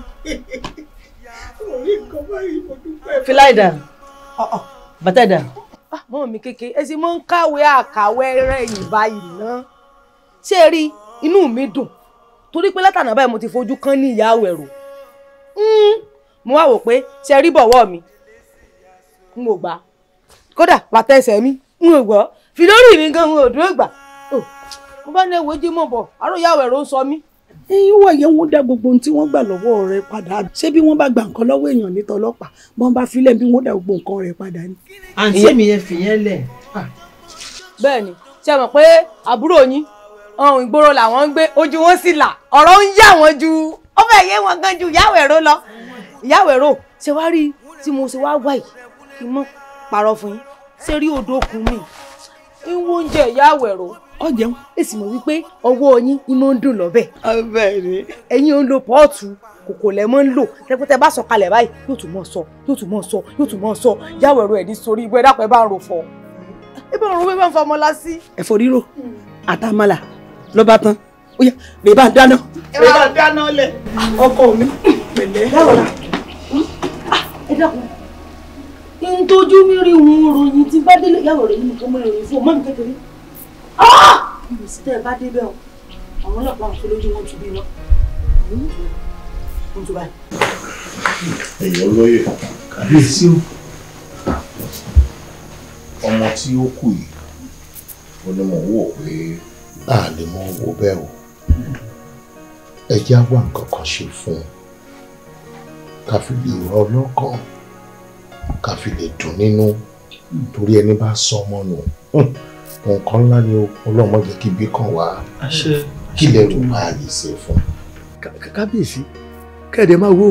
orí nǹkan báyìí mo dúpẹ́. filaida ah, ah. bàtẹ́dà. Ah, mọ́ mi kékeré ẹ sì mọ́ ń kàwé àkàwé rẹ̀yìn báyìí ná ṣé ẹ rí inú mi dùn torí pé látànà báyìí mo ti fojú kán ní ìyàwó ẹ̀rọ hmm, mo wá wò pé ṣe rí bọ̀wọ́ mi n ò gbà kódà pàtẹ́sẹ̀ mi n ò gbọ́ fìdórí mi gan an ò dúró gbà oh, mo bá ní ẹwọ́ ojú mọ̀ bọ̀ àrò ìyàwó ẹ̀rọ ń sọ mí ẹyin wọ yẹn wọn dá gbogbo ohun tí wọ́n gbà lọ́wọ́ rẹ̀ padà ṣé bí wọ́n bá gba nǹkan lọ́wọ́ èèyàn níta ọlọ́pàá wọ́n bá filẹ̀ bí wọ́n dá gbogbo nǹkan rẹ̀ padà ni. àǹtí mi yẹn fìyẹn lẹ̀. Ah. bẹ́ẹ̀ni ṣe mọ̀ pé àbúrò yín ọrùn ìgboro làwọn ń gbé ojú wọn sì là ọ̀rọ̀ ń yà wọn ju ó fẹ́ yé wọn gan ju ìyáwó ẹ̀rọ lọ ìyáwó ẹ̀rọ ṣe wá rí tí mo ṣe wá wà yìí kí n mọ̀ fún yín ṣe rí odò okùn mi ń wọ́n oúnjẹ ìyáwó ẹ̀rọ ọ jẹun. èsì mọ̀ wípé ọwọ́ yín ni mo ń dùn lọ́bẹ̀. ọbẹ̀ ah, ni. ẹ̀yin ò ń lo pọ́ọ̀tù kòkò lẹ́ mọ́ ń lò tẹ́pẹ́tẹ́ bá sọ kalẹ̀ báyìí yóò tún mọ̀ sọ yóò tún mọ̀ sọ yóò tún mọ̀ sọ yàwó ẹ̀rọ ẹ̀ ní sórí igbó ẹ̀dàpọ̀ ẹ̀ bá ń ro fọ. ẹ bá ń ro bẹ́ẹ̀ bá ń fa ọmọ lásì. ẹ̀fọ́ ríro hmm. àtàmàlà lọ́ba tán ó yá bèè bá ń dáná. ẹ bá ń dáná lẹ ọkọ mi pẹ̀lẹ́. Ah, ẹ dákun n mi rí òun ròyìn tí bá délé yàwó rẹ̀ yìí nìkan mọ́ ìròyìn fún ah! sí tẹ́ ẹ bá débẹ̀ o àwọn ọlọ́pàá àwọn fẹlẹ́ ojú wọn ti bí iná hmm? wọ́n ti báyìí.
èèyàn lóye kàbíyèsí o ọmọ tí ó kù yìí ó ní mò ń wò pé
a lè mọ owó bẹ́ẹ̀ o ẹ jẹ́ á wá nǹkan kan ṣe fún un ká fi lè rọ lọ́kàn ká fi lè dùn nínú torí ẹni bá sọmọ nù nǹkan ńlá ni ọlọ́mọ
jẹ́ kí ibi kan wá kílẹ̀ rò máa yìí ṣe fún.
kábíyèsí
kẹ́ẹ̀dẹ̀ máa wo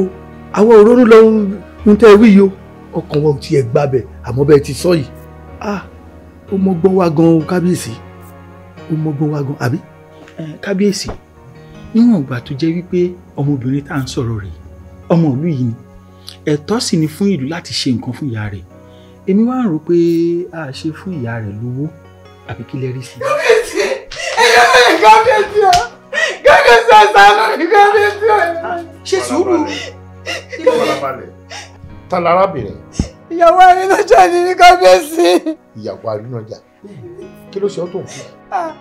àwọn òróró lọ ń tẹ́ wí yo ọkàn wọn ti ẹ̀ gbabẹ̀ àmọ́ bẹ́ẹ̀ ti sọ yìí ah ó mọ́gbọ́n wá gan-an kábíyèsí ó mọ́gbọ́n wá gan-an àbí. kábíyèsí níwọ̀n ìgbà tó jẹ́ wípé ọmọbìnrin tá à ń sọ̀rọ̀ rẹ̀ ọmọ ìlú yìí ni ẹ̀tọ́ sì ni fún ìlú láti ṣe nǹkan fún ìyá rẹ̀ èmi wá ń rò pé a ṣe fún ìyá rẹ̀ lówó àbí kí lè rí sí. kábíyèsí ẹ̀yọ́ mi kábíyèsí ọ kábíyèsí àṣàlù mi kábíyèsí ọ. ṣé sùúrù. ta lárábìnrin. ìyàwó arínájà ni ní kábíyèsí. ìyàwó arínájà kí ló ṣe ọ́ tó ń fi.
Ah,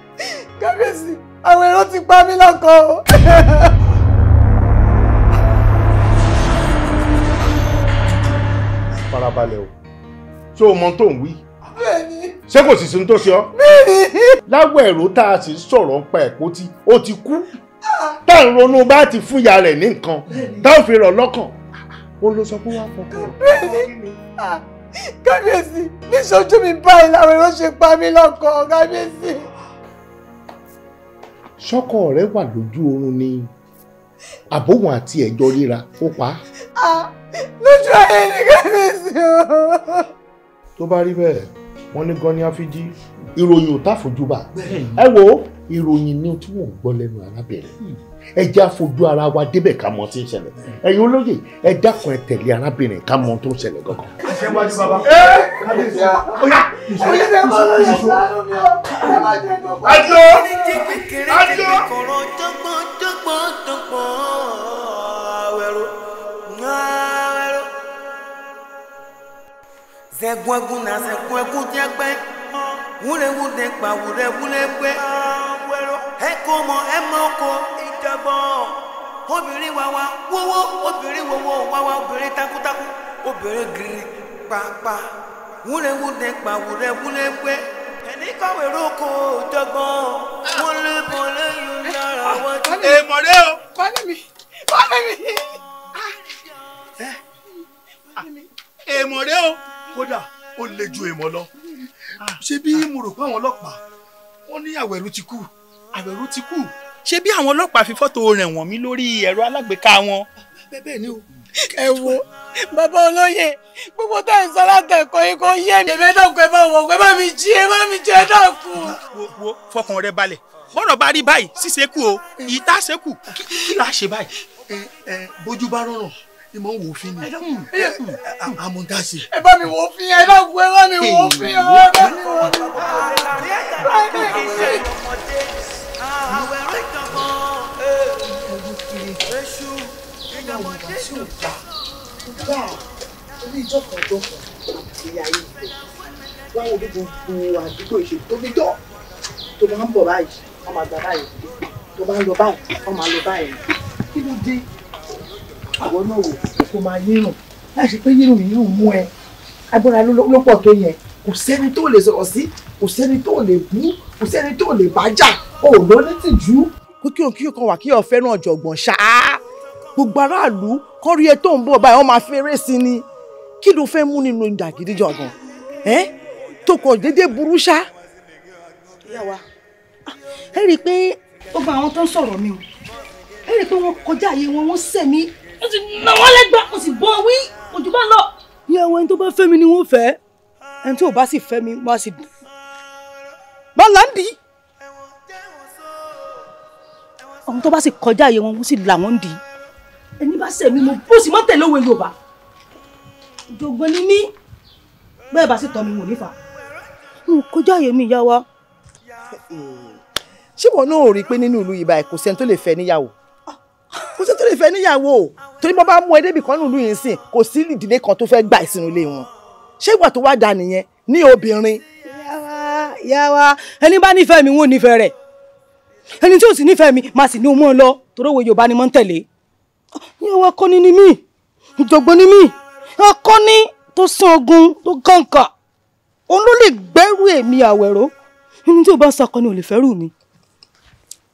kábíyèsí àwọn èrò ti pa mí lọ́kàn o.
farabalẹ̀ o
ṣé o mọ tó ń wí. bẹ́ẹ̀ni ṣé kò sì sí tó ṣe ọ́. láwọ̀ ẹ̀rọ tá a sì sọ̀rọ̀ ń pa ẹ̀kọ́ tí ó ti kú tá à ń ronú bá ti fún ìyá rẹ̀ ní nǹkan tá ò fi rọ̀ lọ́kàn ó ló sọ pé wàá fọkàn rẹ̀. kábíyèsí níṣojú mi báyìí làwọn èrò ṣe pa mí lọ́kàn kábíyèsí. sọ́kọ rẹ̀ wà lójú oorun ni àbóhùn àti ẹ̀jọ́ ríra ó pa
ah, lójú ayé ni kábíyèsí o.
tó bá rí bẹ́ẹ̀ wọ́n ní gan ni a fi di ìròyìn ò táfojúbà ẹ wo ìròyìn ni tí wọ́n gbọ́ lẹ́nu arábìnrin hmm. ẹ jẹ́ àfojú ara wa débẹ̀ ká mọ̀
tí ń ṣẹlẹ̀ ẹ̀yin olóyè ẹ dákun ẹ tẹ̀lé arábìnrin ká mọ̀ tó ń ṣẹlẹ̀ gangan. àṣẹwájú bàbá
kẹgúngún náà ṣe kún ẹkún tí ẹ pẹ́ wúlewúde pa wúlewúle pé ẹ kó mọ ẹ mọ oko ìjọgbọ́n obìnrin wàwá wọ́wọ́ obìnrin wọ́wọ́ wàwá obìnrin takuntakun obìnrin gírí pàápà wúlewúde pa wúlewúle pé ẹni kọ̀wé roko ìjọgbọ́n wọn lè bọ̀ lẹ́yìn wọn. èèmọ̀ rẹ o. kọ́lé mi kọ́lé mi. èèmọ̀ ah. rẹ o kódà ó le ju èèmọ̀ lọ ṣé bí mo rò pé àwọn ọlọ́pàá wọ́n ní àwẹ̀rù ti kú àwẹ̀rù ti kú. ṣé bí àwọn ọlọ́pàá fi fọ́tò rẹ̀ wọ̀n mí lórí ẹ̀rọ alágbèéká wọn. bẹ́ẹ̀ ni o. ẹ wo bàbá olóye gbogbo tó ń sọ látẹ̀kọ́ yìí kò yé mi. èmi dọ̀kọ̀ ẹ bá wọ̀ pé bá mi jí ẹ bá mi jí ẹ dọ̀kù. wo wo fọkàn rẹ balẹ̀ bọ́rọ̀ bá rí báyìí ṣíṣe kù o ìta ṣe kù kí la ṣe báyìí. ẹ ni mo ń wò fín ni amúntàṣe. ẹ bá mi wò fín ẹ dákun ẹ bá
mi wò fín ọ ẹ bá mi wo fi jọ́
tó máa ń bọ̀ báyìí, wọ́n máa báyìí, tó máa ń lọ báyìí, wọ́n máa báyìí. Kí ló dé? àwọn náà wò kó máa yírùn láì ṣe pé yírùn yírùn mú ẹ agbára ló pọ̀ tó yẹn kò sẹ́ni tó lè sọ̀rọ̀ sí kò sẹ́ni tó lè bú kò sẹ́ni tó lè bá jà ò ló ní tìjú. kó kí òkú kan wà kí ọ̀fẹ́ náà jọ̀gbọ̀n ṣáá gbogbo aráàlú kọ́ rí ẹ tó ń bọ̀ báyìí wọ́n máa fèrè sí ni kí ló fẹ́ mú nínú ìdàgídíjọ̀gbọ̀n ẹ́ tó kọ̀ déédéé burú ṣá. Ah, ẹ rí i pé ó gba àwọn tó ń sọ̀rọ̀ mi o ẹ rí i pé wọ́n kọjá àyè wọn wọ́n sẹ̀mí
mo sì nà wọ́n
lẹ́gbàá mo sì bọ́ wí ojú bá lọ. ní àwọn ẹni tó bá fẹ́ mi ni wọ́n fẹ́ ẹni tí ò bá sì fẹ́ mi wọ́n á sì dùn. bọ́láńdì ọ̀hún tó bá sì kọjá àyè wọn mo sì là wọ́n dì í ẹni bá sẹ̀ mi mo bó sì mọ́ tẹ̀lé òwe Yorùbá ìjọ̀gbọ́n ni mí bẹ́ẹ̀ bá sì tọ́ mi wò nífà n ò kọjá àyè mi ìyá wa. ṣé wọn náà ò rí i pé nínú ìlú yìí báyìí kò sẹ́ni tó lè fẹ́ níyàwó ah. kò sẹ́ni tó lè fẹ́ níyàwó torí bọ́ bá mú ẹ débì kan nílùú yìí sìn kò sí ìdílé kan tó fẹ́ gbà ìsinú ilé wọn ṣé ìgbà tó wá da nìyẹn ní obìnrin. yàwá yàwá ẹni bá nífẹ̀ẹ́ mi wọn ò nífẹ̀ẹ́ rẹ̀ ẹni tí ò sì nífẹ̀ẹ́ mi máa sì ní òun lọ torí òwe yorùbá ni mo ń tẹ̀lé. yàwá akọni ni mí ìjọ̀gbọ́n ni mí akọni tó san ogun tó kàǹkà òun ló lè gbẹ́rù èmi àwẹ̀rọ ẹni tí ò bá sakọni ò lè fẹ́rù mi.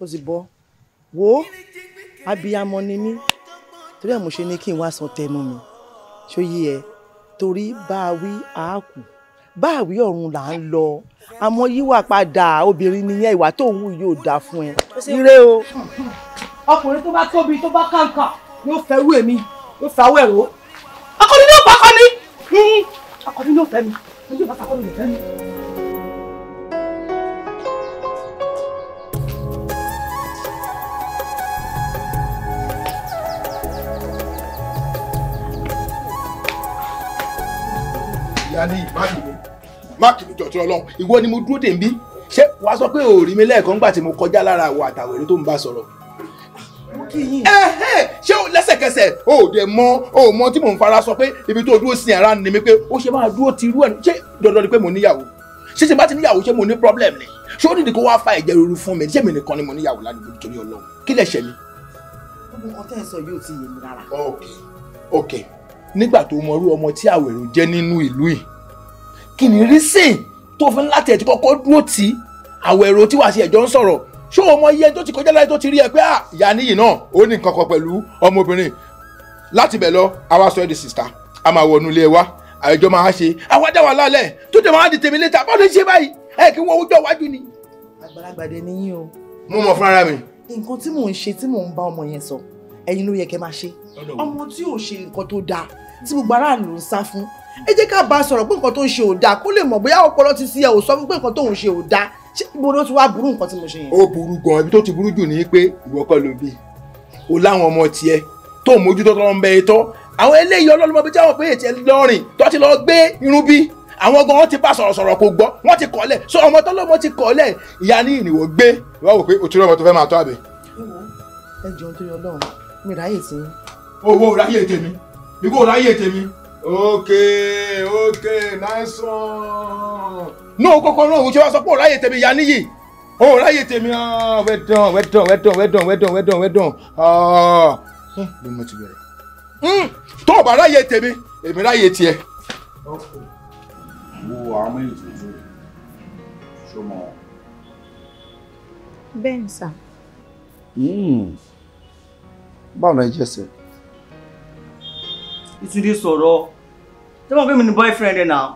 ó sì bọ́ wo abiyamọ ni mí torí ẹ̀ mo ṣe ní kí n wá sọ tẹnu mi ṣó yí ẹ torí bá a wí àákù bá a wí ọ̀run là ń lọ àmọ́ yíwà padà obìnrin nìyẹn ìwà tó ń wù yóò dáa fún ẹ ire o. ọkùnrin tó bá tóbi tó bá kàǹkà yóò fẹ́ wú èmi yóò fẹ́ awọ ẹ̀rọ akọni ní òpá akọni akọni ní òfẹ́ mi ọjọ́ ìbátan akọni lè fẹ́ mi. ìyáálé ìmáàkì mi máàkì mi jọ̀tún ọlọ́run ìwọ ni mo dúró dè ń ṣé wàá sọ pé o rí mi lẹ́ẹ̀kan gbà tí mo kọjá lára àwọ̀ àtàwẹ̀rẹ̀ tó ń bá sọ̀rọ̀. ṣé o lẹ́sẹ̀kẹsẹ̀ o ò dẹ̀ mọ o ò mọ tí mò ń fara sọ pé ibi tó dúró sin ara ni mi pé ó ṣe máa dúró ti irú ẹ̀ ṣé dandan ni pé mo níyàwó ṣé ti bá ti níyàwó ṣé mo ní problem ni ṣé ó nídìí kó wá fa ẹ̀jẹ̀ ruru fún mi ṣé mi nìkan ni mo níyàwó ládùúgbò nítorí ọlọ́run kí lẹ̀ ṣẹ̀ mi.
ọmọ ọtẹ́ sọ yóò ti yé mi rárá. ok
ok nígbà tó mọrú ọmọ tí àwẹ̀rò jẹ́ nínú ìlú yìí kí ni rísìn tó fi láti ẹ̀ ti kọ́kọ́ dúró tì í àwẹ̀rò tí wàá ṣe ẹ̀jọ́ ń sọ̀rọ̀ ṣó o mọ iye tó ti kọjá láyé tó ti rí ẹ pé à ah, ìyá níyì náà ó ní nǹkan kan pẹ̀lú ọmọbìnrin láti bẹ̀ lọ àwa sọ ẹ́ di sista a máa wọnú ilé wa àìjọ máa ṣe àwa dá wa lálẹ́ tó dé máa di tèmi létà bá lè ṣe báyìí ẹ kí wọ́n ọjọ́ iwájú ni. àgbàlagbà dé níyìn o.
mo mọ fún ara mi.
nǹkan tí mò ń ṣe tí mò ń bá ọmọ yẹn sọ ẹ̀yin ló yẹ kẹ́ máa ṣe ọmọ tí ò ṣe nǹkan tó dáa tí gbogbo aráàlú ń sá fún ẹ jẹ́ ká bá a sọ̀rọ̀ pé nǹkan tó ń ṣe ò dáa kó lè mọ̀ bóyá ọpọlọ ti sí ẹ ò sọ fún pé nǹkan tó ń ṣe ò dáa ṣé ibo ló ti wá burú nǹkan tí mo ṣe yẹn. ó burú gan ibi tó ti burú jù ni pé ìwọ kọ́ ló bí o láwọn ọmọ tiẹ̀ tó mójútó tó ń bẹ etọ́ àwọn eléyìí ọlọ́lọ́mọ bí táwọn pé ètí ẹlọ́rìn tó ti lọ gbé irun bí àwọn gan wọn ti bá sọ̀rọ̀sọ̀rọ̀ kò gbọ́ wọ́n ti kọ́lẹ̀ so ọmọ tọ́lọ́mọ ti kọ́lẹ̀ ìyá ní ìrìnwó gbé ìwà wò pé òtún ọmọ tó fẹ́ máa tọ́ àbẹ̀. ẹ jọ nítorí Ọlọ́run mi ráyè tèmi. owó ráyè tèmi ikú ráyè tèmi. ok ok nice one. náà kọ́kọ́ náà òun ṣe wá sọ pé òun ráyè tèmi ìyá níyì òun ráyè tèmi ah, well done well done well done well done well done well done well done ah. hmm, bí mo ti
bẹ̀rẹ̀. Hmm, tó o bá ráyè tèmi èmi ráyè tiẹ̀. wo àwọn méjì tó ń sọ yìí ṣó mọ. bẹ́ẹ̀ ni sà. Hmm báwo náà jẹ́ sẹ́.
ìtìrí
sọ̀rọ̀ tí wọ́n pè mí ní boyfriend ẹ̀ náà.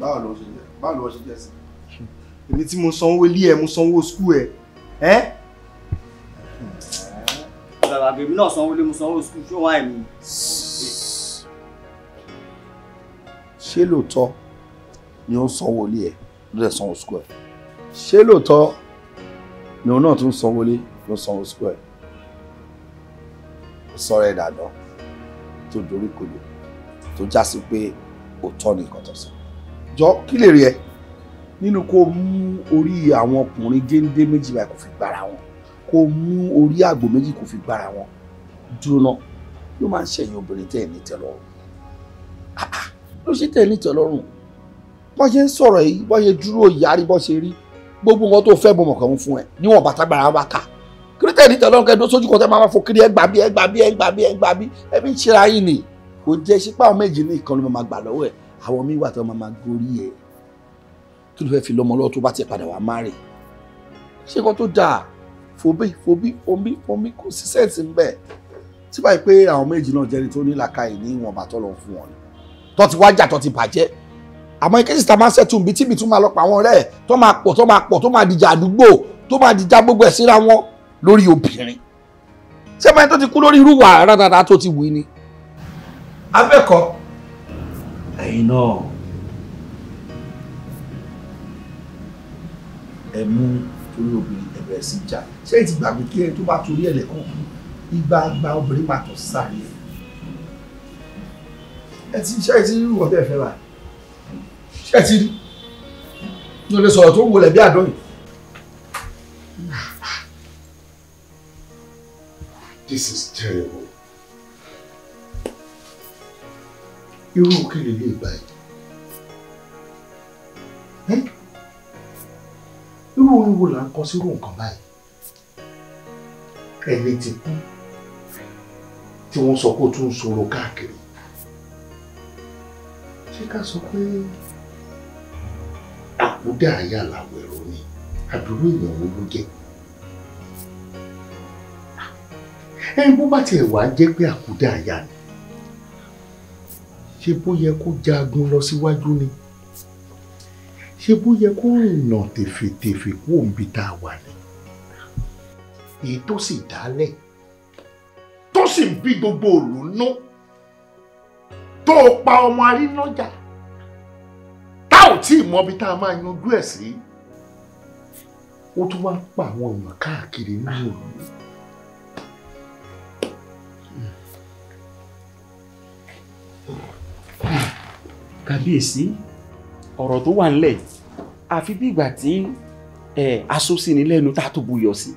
báwo ló ṣe jẹ báwo ló ṣe jẹ sí.
èmi tí mo sanwó ilé ẹ mo sanwó skul ẹ ẹ. bàbá bèbí náà sanwó ilé mo sanwó skul ṣé wọn àìmí.
ṣé lóòótọ́ ni ó ń sanwó ilé ẹ ló dẹ̀ sanwó skul ẹ ṣé lóòótọ́ ni òun náà tún sanwó ilé ló sanwó sukú ẹ̀ ó sọ̀rọ̀ ẹ̀ dàdán tó dorí kodò tó já sí pé òótọ́ ni nǹkan tó sọ jọ kí lè rí ẹ
nínú kó mú orí àwọn ọkùnrin géńdé méjì báyìí kò fi gbára wọn kó mú orí àgbò méjì
kò fi gbára wọn dúró náà ló máa ń ṣẹ̀yìn obìnrin tẹ̀ ní tẹ́lọ́rùn ló ṣe tẹ̀ ní tẹ́lọ́rùn bọ́n ṣe ń sọ̀rọ̀ yìí bọ́n ṣe dúró yarí bọ́n ṣe rí gbogbo nǹkan tó fẹ́ bọ́ fún ẹ níwọ̀n bàtàgbàrà wa kà kírísítẹ̀ ní tẹ̀lọ́run kẹ́ẹ́ sójú kan tẹ́ máa fò kiri ẹgbà bí ẹgbà bí ẹgbà bí ẹgbà bí ẹbí ń ṣera yín ni kò jẹ́ sípà méjì ní ìkànnì mo máa gbà lọ́wọ́ ẹ̀ àwọn míì wà tó máa máa gorí ẹ̀ kí ló fẹ́ fi lọ́mọ lọ́wọ́ tó bá ti padà wá má rè ṣé kan tó dáa fòbí fòbí omi omi kò sí sẹ́ǹsì ń bẹ̀ tí báyìí pé àwọn méjì náà jẹ́ni tó ní làkàyè ní ìwọ̀nba tó lọ fún wọn tó ti wájà tó ti bàjẹ́ àmọ́ ìkéjì tá a máa ń ṣẹ́tù tíbi tún máa lọ pa àwọn ọ̀rẹ́ tó máa
pọ̀ tó máa pọ̀ tó máa dìjà àdúgbò tó máa dìjà gbogbo ẹ̀ síra wọn lórí obìnrin ṣé báyìí tó ti kú lórí irú wà rádaràda tó ti wù ni. abẹ́kọ̀. ẹ̀yin náà ẹ mú torí obìnrin ẹ bẹ̀rẹ̀ sí jà ṣé ẹ ti gbàgbé kí ẹ tó bá torí ẹ lẹ́kọ̀ọ́ igba gba obìnrin máa tọ̀ sáré ẹ ti ṣe ẹ ti rí ìwọ́n fẹ́ báyìí ṣé ti rí ní o lè sọ̀rọ̀ tó wọlé bí àdóyìn. This is terrible. Irú òkè lè lè báyìí. Irú orin wo là ń kọ sírú nǹkan báyìí? Ẹni ti kú tí wọ́n sọ pé ó tún ń sọ̀rọ̀ káàkiri. Ṣé ká sọ pé àkúdà àyà làwọn ẹ̀rọ ni? Àbúrò èèyàn ló jẹ́? ẹyin bó bá tiẹ̀ wá jẹ́ pé àkúdà àyà ni ṣé bó yẹ kó jagun lọ síwájú ni ṣé bó yẹ kó rìnà tèfètèfè kó òǹbi tá a wà ni èyí tó sì dálẹ̀ tó sì ń bí gbogbo òòlù nú tó pa ọmọ arínájà tá ò tí ì mọbi tá a máa yanjú ẹ̀ sí ó tún wá ń pa àwọn èèyàn káàkiri nínú òòlù.
kábíyèsí ọ̀rọ̀ tó wà ńlẹ̀ àfi bí ìgbà tí
asosini lẹ́nu tá a tó buyọ̀ sí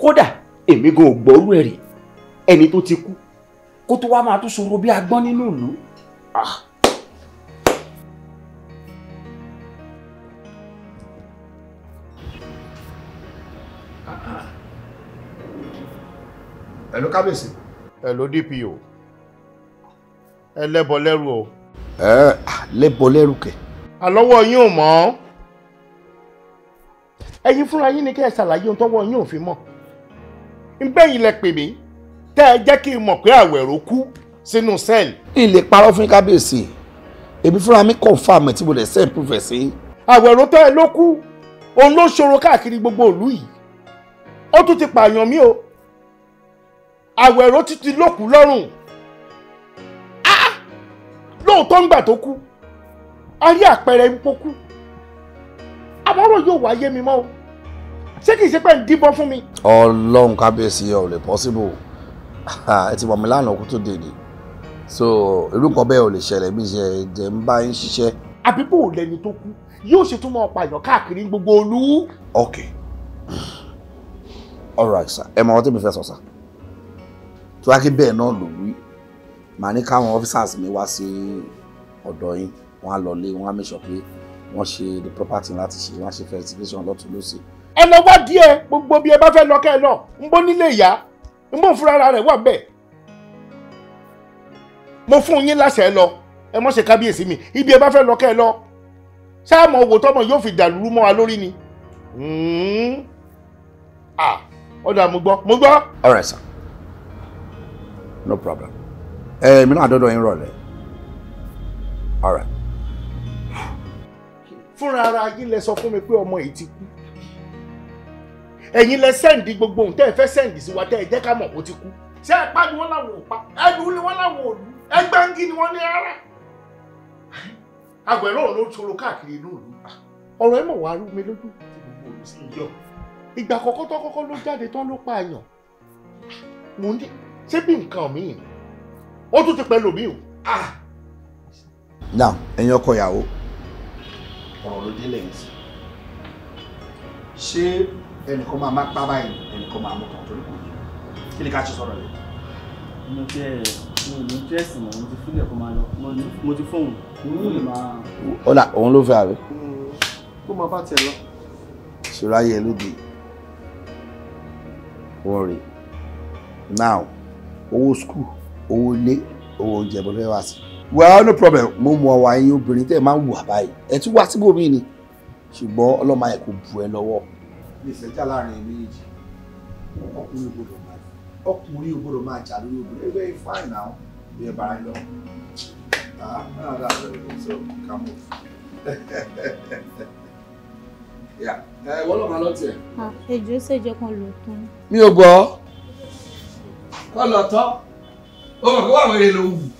kódà èmi gan ò gbọ́rú ẹ̀ rí ẹni tó ti kú kó tó wá máa tún sọ̀rọ̀ bí agbọ́n nínú ìlú. Ah. ẹ̀lú kábíyèsí. ẹ̀lú dpo ẹlẹ́bọ lẹ́rù o ẹ lẹ́bọ lẹ́rù kẹ̀. àlọ́wọ́ yín ò mọ́ ẹ̀yin fúnra yín ni kẹ́ ẹ ṣàlàyé ohun tọ́wọ́ yín ò fi mọ̀ nbẹ́yìn lẹ pè mí tẹ́ ẹ jẹ́ kí n mọ̀ pé àwẹ̀rò kú sínú sẹ́ẹ̀lì. ilé parọ́ fún kábíyèsí
èmi fúnra mi confirm tí mo lè ṣe ìpúfẹ̀ sí.
àwẹ̀rò tẹ́ ẹ ló kú òun ló ṣòro káàkiri gbogbo ìlú yìí ó tún ti pààyàn mí o àwẹ̀rò ti ti lókùú lọ́rùn lóòótọ́ ńgbà tó kú a rí àpẹẹrẹ ń pokú àbọ̀rọ̀ yóò wá yé mi mọ́ o ṣé kìí ṣe pé ń díbọ́n fún mi.
ọlọ́run kábíyèsí ò lè possible ẹ ti wọ̀ mí lánàá kó tó dèdè so irú nǹkan bẹ́ẹ̀ ò lè ṣẹlẹ̀ bí ṣe jẹ́ ń bá ń ṣiṣẹ́.
àbíbò lẹni tó kú yóò ṣe tún máa pààyàn káàkiri gbogbo olú.
ok all right sir ẹ mọ ohun tí mi fẹ́ sọ sir tí wàá kí bẹ́ẹ̀ náà lò wí màá ní káwọn officers mi wá sí ọ̀dọ̀ yín wọ́n á lọ lé wọ́n á make sure pé wọ́n ṣe the proper thing láti ṣe wọ́n á ṣe investigation lọ́tún lọ́sì.
ẹ lọ wá díẹ̀ gbogbo bí ẹ bá fẹ́ lọ kẹ́ ẹ lọ ń bọ́ nílé ìyá ń bọ́ fúnra rẹ̀ wà bẹ́ẹ̀ mo fún yín láṣẹ lọ ẹ mọ̀ ṣe kábíyèsí mi ibi ẹ bá fẹ́ lọ kẹ́ ẹ lọ sáàmù owó tọmọ yóò fi dàlúrú mọ́ wa lórí ni. ọ̀dà hmm. ah, mo gbọ́ mo gbọ́.
all right sir no problem. èmi eh, náà àdọ́dọ̀ yín rọ̀lẹ́ all right.
fúnra ara yín sọ fún mi pé ọmọ yi ti kú ẹ̀yin lẹ sẹ́ǹdì gbogbo ohun sẹ́ǹdì sí wa tẹ́ ká ti kú ṣé ẹ̀pá ni wọ́n pa ni wọ́n láwọn ò ni wọ́n káàkiri ọ̀rọ̀ ó tún ti pẹ́ lòmí o. Ah.
now ẹ̀yin ọkọ ìyàwó. ọ̀rọ̀ ló délé yìí sí ṣé ẹnìkan máa má pa báyìí ẹnìkan máa mú kan torí kò yẹ
kí ni ká ṣe sọ̀rọ̀ yìí. mo jẹ mo ní dírẹ́sì mọ̀ mo ti fílẹ̀ kó máa lọ mo ti fóun mo lè máa.
ọ̀la òun ló fẹ́ àbí.
kó máa bá tiẹ̀ lọ.
ṣòro ayé ẹ lóde wọ́n rè now owó school owó ilé owó oúnjẹ bó fẹ́ wá sí. well no problem mo mọ ọwọ́ ẹ̀yin obìnrin tẹ́ ẹ máa ń wù àbáyé ẹ tún wá síbòmí ni ṣùgbọ́n ọlọ́mọ ayẹ
kò bu ẹ lọ́wọ́.
mi ìfẹ́ jà láàrin méjì ọkùnrin gbọ́dọ̀ máa ọkùnrin gbọ́dọ̀ máa jà lórí obìnrin ẹgbẹ́ fáìn náà bí ẹ bá ń lọ. Ah, ẹ̀wọ́n lọ́ọ́ máa lọ tiẹ̀. ẹjọ́ ah, ṣèjọ́ kan lò tán.
mi ò gbọ́ kọ́ lọ tán ó mọ̀ pé wà wẹ́rẹ́ ló wù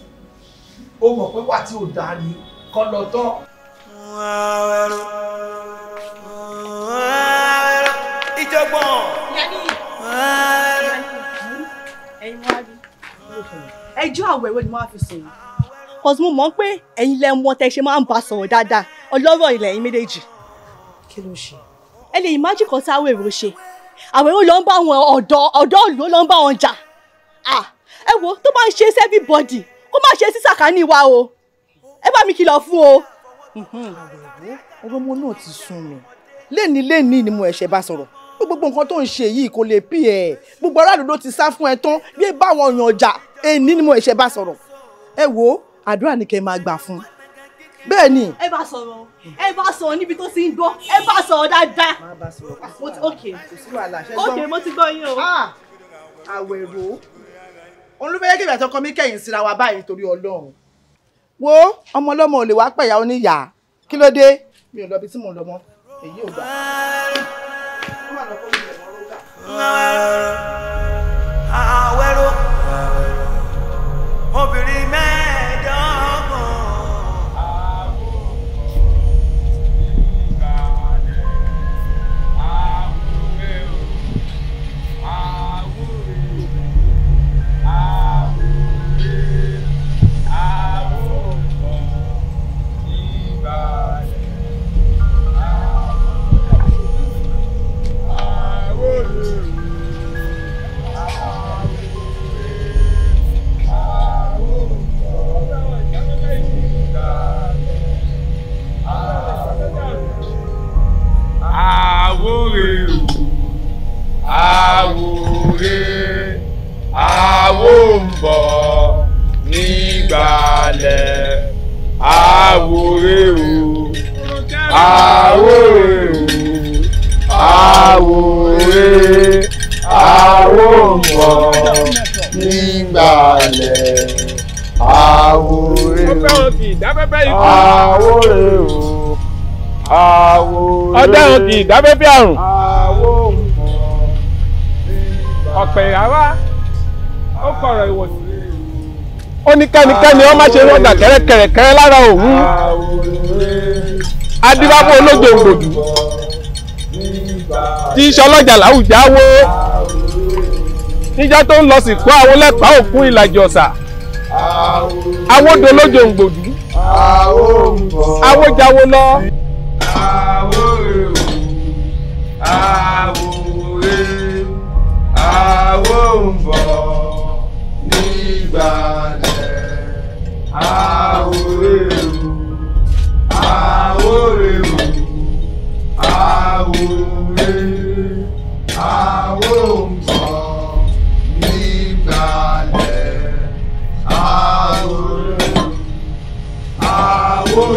ó mọ̀ pé wà tí ò dáa ni kọ́ lọ tán. ìjọgbọ́n. ẹ̀yin wá rí ẹjọ́ àwẹ̀wẹ̀ ni wọ́n á fi sùn yìí mo mọ̀ pé ẹ̀yin lẹ mọ̀ tẹ́ ṣe máa ń bá sọ̀rọ̀ dáadáa ọlọ́rọ̀ ilẹ̀ yín méjèèjì. kí ló ṣe. ẹ lè ìmájì kan tí Awero ṣe Awero ló ń bá àwọn ọ̀dọ́ ọ̀dọ́ ìlú ló ń bá wọn jà ah! ẹ wo tó bá ń ṣe sí everybody kó má ṣe sí sàkání wa o ẹ bá mi kìlọ̀ fún o. ọ̀rọ̀ ọmọ náà ti sún mi lẹ́ni lẹ́ni ni mo ẹ̀ṣẹ̀ bá sọ̀rọ̀ gbogbo nǹkan tó ń ṣe yìí kò lè pì ẹ́ gbogbo aráàlú ló ti sá fún ẹ tán bí ẹ bá wọn yàn ọjà èyí ni mo ẹ̀ṣẹ̀ bá sọ̀rọ̀ ẹ wo àdúrà ni kẹ́ máa gbà fún bẹ́ẹ̀ ni. ẹ bá sọ̀rọ̀ ẹ bá sọ̀rọ̀ níbi tó ti ń gbọ́ ẹ bá sọ̀rọ̀ dáadáa. ok ok mo ti gbọ́ yín o. Ah, àwẹ̀rò òun ló fẹ́ kí ìbàtọ́ kọ́ mí kẹ́yìn síra wa báyìí nítorí ọlọ́run. wo ọmọ ọlọ́mọ ò lè wá pẹ̀yà oníyà kí ló dé mi ò lọ bí tí mò ń èyí ò dá. àwẹ̀rọ obìnrin.
wòye àwo ń bọ̀ nígbàlẹ̀
àwòrè o àwòrè
o àwòrè àwo ń bọ̀ nígbàlẹ̀ àwòrè o àwòrè o àwòrè o ọ̀daràn kì
í dábẹ́bẹ́ àrùn ọ̀pẹ̀ ìhàwá ó kọ̀rọ̀ ìwòsàn. ó ní kẹ́nikẹ́ni ó má ṣe rọ́dà kẹ́rẹ́kẹ́rẹ́ lára òun adíbábọ̀ olóògbòǹgbòdù tí í ṣọlọ́jà láwùjọ àwọ níjọ́ tó ń lọ sí kó àwọn lẹ́pàá òkun ìlàjì ọ̀sà àwọn odò olóògbòǹgbòdù àwọn jáwó lọ. àwọn èrò àwo ń bọ̀
I will, ewu àwo ewu àwo I will ń bọ̀
nígbàlẹ̀ àwo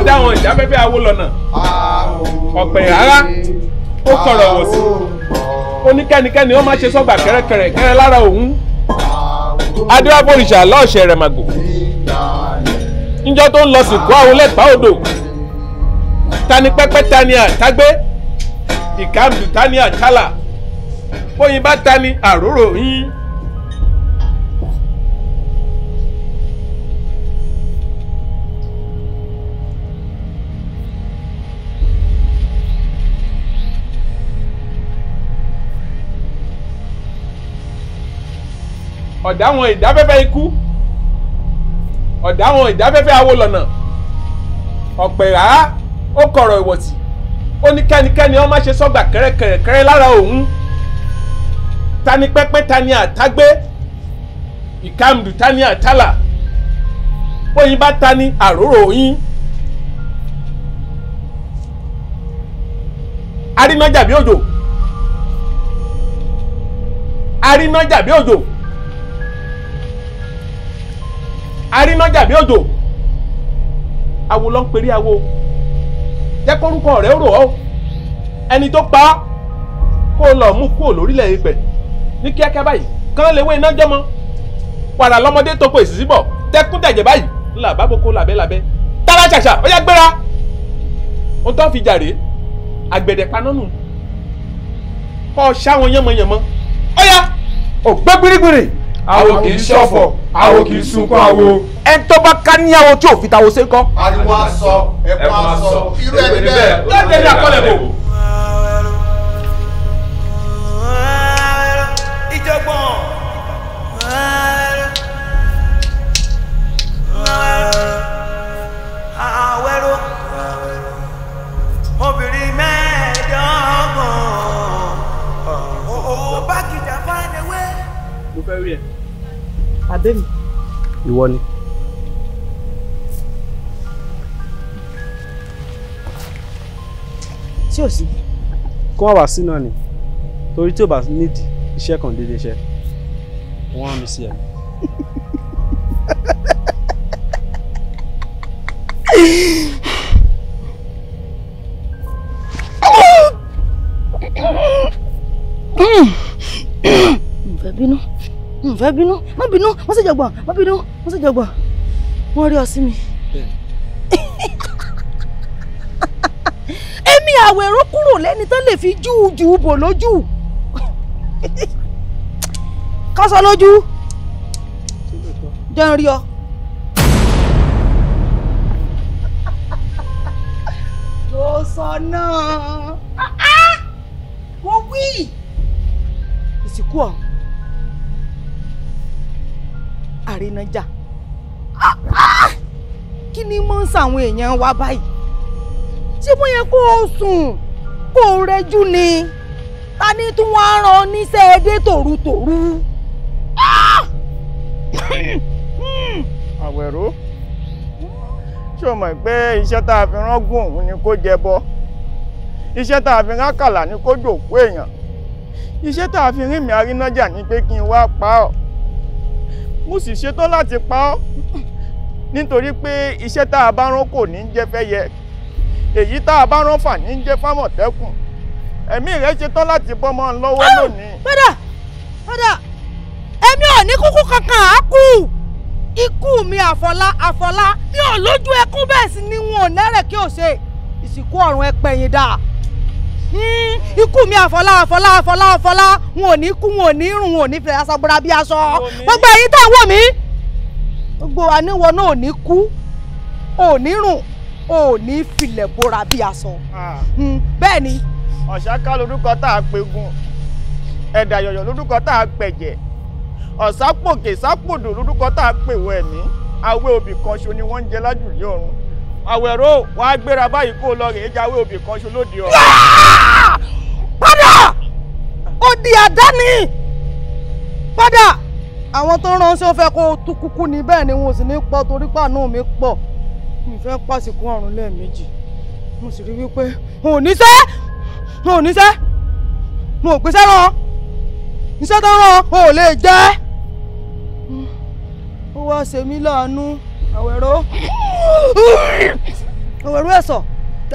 ọ̀dá àwọn ìjáfẹ́fẹ́ awo lọ́nà ọ̀pẹ̀ rárá ó kọ̀rọ̀ wọ̀ sí ó ní kẹ́nikẹ́ni ó má ṣe sọ́gbà kẹ́rẹ́kẹ́rẹ́ kẹ́rẹ́ lára òun adéwàbọ̀rìṣà lọ́ọ̀ṣẹ̀ rẹ̀ màgò níjọ́ tó ń lọ sìnkú àwọn olẹ́pàá odò tani tani àtágbé ìkàmdù tani àtàlà bóyin bá tani àrórò yín.
ọ̀dà àwọn ìdáfẹ́fẹ́ ikú ọ̀dà àwọn ìdáfẹ́fẹ́ awolọ̀nà ọ̀pẹ̀ rárá ó kọ̀rọ̀ ìwọ̀tì ó ní kẹ́nikẹ́ni ó má ṣe sọ́gbà kẹ́rẹ́kẹ́rẹ́ lára
òun tani pẹ́pẹ́ tani àtágbé ìkàmdù tani àtàlà bóyin bá tani àrórò yín arínájà bí òjò arínájà bí òjò. arínájà bí òjò awo ló ń perí awo jẹ́ kórúkọ rẹ̀ rò ọ́ ẹni tó pa á kó lọ mú kúrò lórílẹ̀ Ifẹ̀ ní kíákíá báyìí kán lè wé iná jọmọ wàrà lọ́mọdé tó kó èsì bọ̀ tẹkún tẹ̀jẹ̀ báyìí ńlá bá gboko làbẹ́ làbẹ́ tálá ṣàṣà ó yá gbéra
ó tọ́ fi jàre àgbẹ̀dẹ̀ panọ́nù kọ́ ṣá wọn yánmọ́yánmọ́ ó yá ò gbé gbirigbiri àwo kì í ṣọ̀fọ̀ àwo kì í sunkún àwo.
ẹ tó bá ká níyàwó tí ò fi tàwo ṣe ń kọ́.
ariwo aṣọ
ẹkún aṣọ irú ẹni bẹ́ẹ̀ lẹ́nu ẹni àkọlẹ̀ bò. ìjọgbọ́n. àwẹ̀rọ obìnrin mẹ́ẹ̀ẹ́dọ́gbọ̀n ó bá kìjà fún ẹni wẹ́. mo fẹ́ rí ẹ àbẹ́mi. ìwọ ni. tí ò sí. kó wá wá sí náà ni
torí tí ò bá nídìí iṣẹ́ kan déédéé iṣẹ́
wọ́n á mi sí ẹ̀. bínú n fẹ́ bínú má bínú wọ́n sì jọgbọ̀n má bínú wọ́n sì jọgbọ̀n wọ́n rí ọ sí mi. èmi àwẹ̀rọ kúrò lẹ́ni tó lè fi júùjù bò lójú kásọ lójú jẹun rí ọ. ló sọ náà ah, ah. mo wí ìsìnkú ọ̀hún. àrínájà kí ni mọ́ ń sàwọn èèyàn wa báyìí ṣé bó yẹ kó o sùn kó o rẹjú ni ta ni tí wọ́n á rán ọ níṣẹ́ ẹdẹ tòrutòru. àwẹ̀rọ ṣé o mọ̀ pé iṣẹ́ tá a fi rán òun ni kó jẹ bọ́ iṣẹ́ tá a fi rán ni kó jòkó èèyàn iṣẹ́ tá a fi rìn mí ni pé kí n wá pa ọ́ mo sì ṣetán láti pa ọ́ nítorí pé iṣẹ́ tá a bá rán kò ní jẹ́ fẹ́yẹ èyí tá a bá rán fà ní jẹ́ fámọ̀tẹ́kùn ẹ̀mí rẹ̀ ṣetán láti bọ́mọ lọ́wọ́ lónìí. padà padà èmi ò ní kúkú kankan á kú ikú mi àfọlá àfọlá mi ò lójú ẹkún bẹ́ẹ̀ sì ni wọn ò nẹ́rẹ̀ kí o ṣe ìsìnkú ọ̀run ẹpẹ̀yìn dáa. Hmm, ikú mi àfọlá àfọlá àfọlá àfọlá n ò ní kú n ò ní rùn n ò ní fi aṣọ bora bí aṣọ gbogbo ẹ̀yin tá à ń wò mí gbogbo àníwọ náà ò ní kú ò ní rùn ò ní filẹ̀ bora bí aṣọ ah. hmm, bẹ́ẹ̀ ni. ọ̀ṣáká lorúkọ tá a pegun ẹ̀dà yọ̀yọ̀ lorúkọ tá a pẹ̀jẹ̀ ọ̀sápòkè sápòdò lorúkọ tá a pèwọ̀ ẹ̀mí awé obì kan ṣo ni wọ́n ń jẹ lájùlé ọ̀run àwẹ̀rọ wà á gbéra báyìí kó lọ rèé jáwé òbí kan ṣo lóde ọ. padà òdì àdáni padà àwọn tó ń ránṣẹ́ fẹ́ kó tú kúkú ní bẹ́ẹ̀ ni wọn ò sì ní pọ̀ torí pàánù mi pọ̀ mi fẹ́ pàṣípò ọ̀run lẹ́ẹ̀mejì mo sì rí wípé ò níṣẹ́ ò níṣẹ́ mo ò pèsè rán iṣẹ́ tó rán ò lè jẹ́ ó wá ṣe mí láàánú àwẹ̀rọ àwẹ̀rọ ẹ̀sọ̀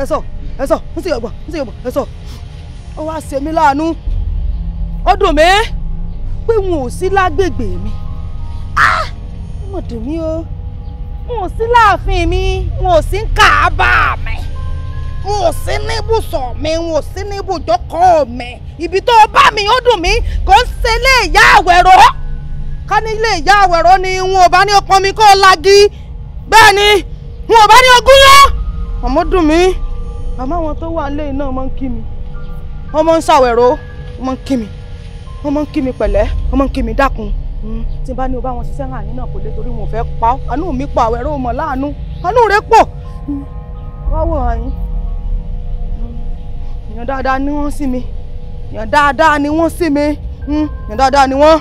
ẹ̀sọ̀ ẹ̀sọ̀ ń sì yọ̀gbọ̀ ń sì yọ̀gbọ̀ ẹ̀sọ̀ ó wá ṣe mí láàánú ó dùn mí pé wọn ò sí lágbègbè mi wọn ah! dùn mí o wọn ò sí láàfin mi wọn ò sí ń kàábà mi wọn ò sí níbùsọ̀ mi wọn ò sí níbùjọkọ̀ mi ibi tó bá mi ó dùn mí kò ń ṣe lé ìyá àwẹ̀rọ ká ní ilé ìyá àwẹ̀rọ ni wọn ò bá ní ọpọ́n mi kó lagi bẹ́ẹ̀ ni wọn ò bá ní ogún yán ọmọ dùn mí àmọ́ àwọn tó wà lẹ́yìn náà máa ń kí mi wọ́n máa ń ṣàwẹ̀rọ wọ́n máa ń kí mi wọ́n máa ń kí mi pẹ̀lẹ́ wọ́n máa ń kí mi dákun hmm, tí n bá ní o bá wọn ṣiṣẹ́ hàn yín náà kò lè torí wọn ò fẹ́ pa ọ́ àánú mi pọ̀ àwẹ̀rọ mọ̀ láàánú àánú rẹ pọ̀ wọ́n wọ̀ hàn èèyàn dáadáa ni wọ́n sí mi èèyàn dáadáa ni wọ́n sí mi hmm, èèyàn dáadáa ni wọ́n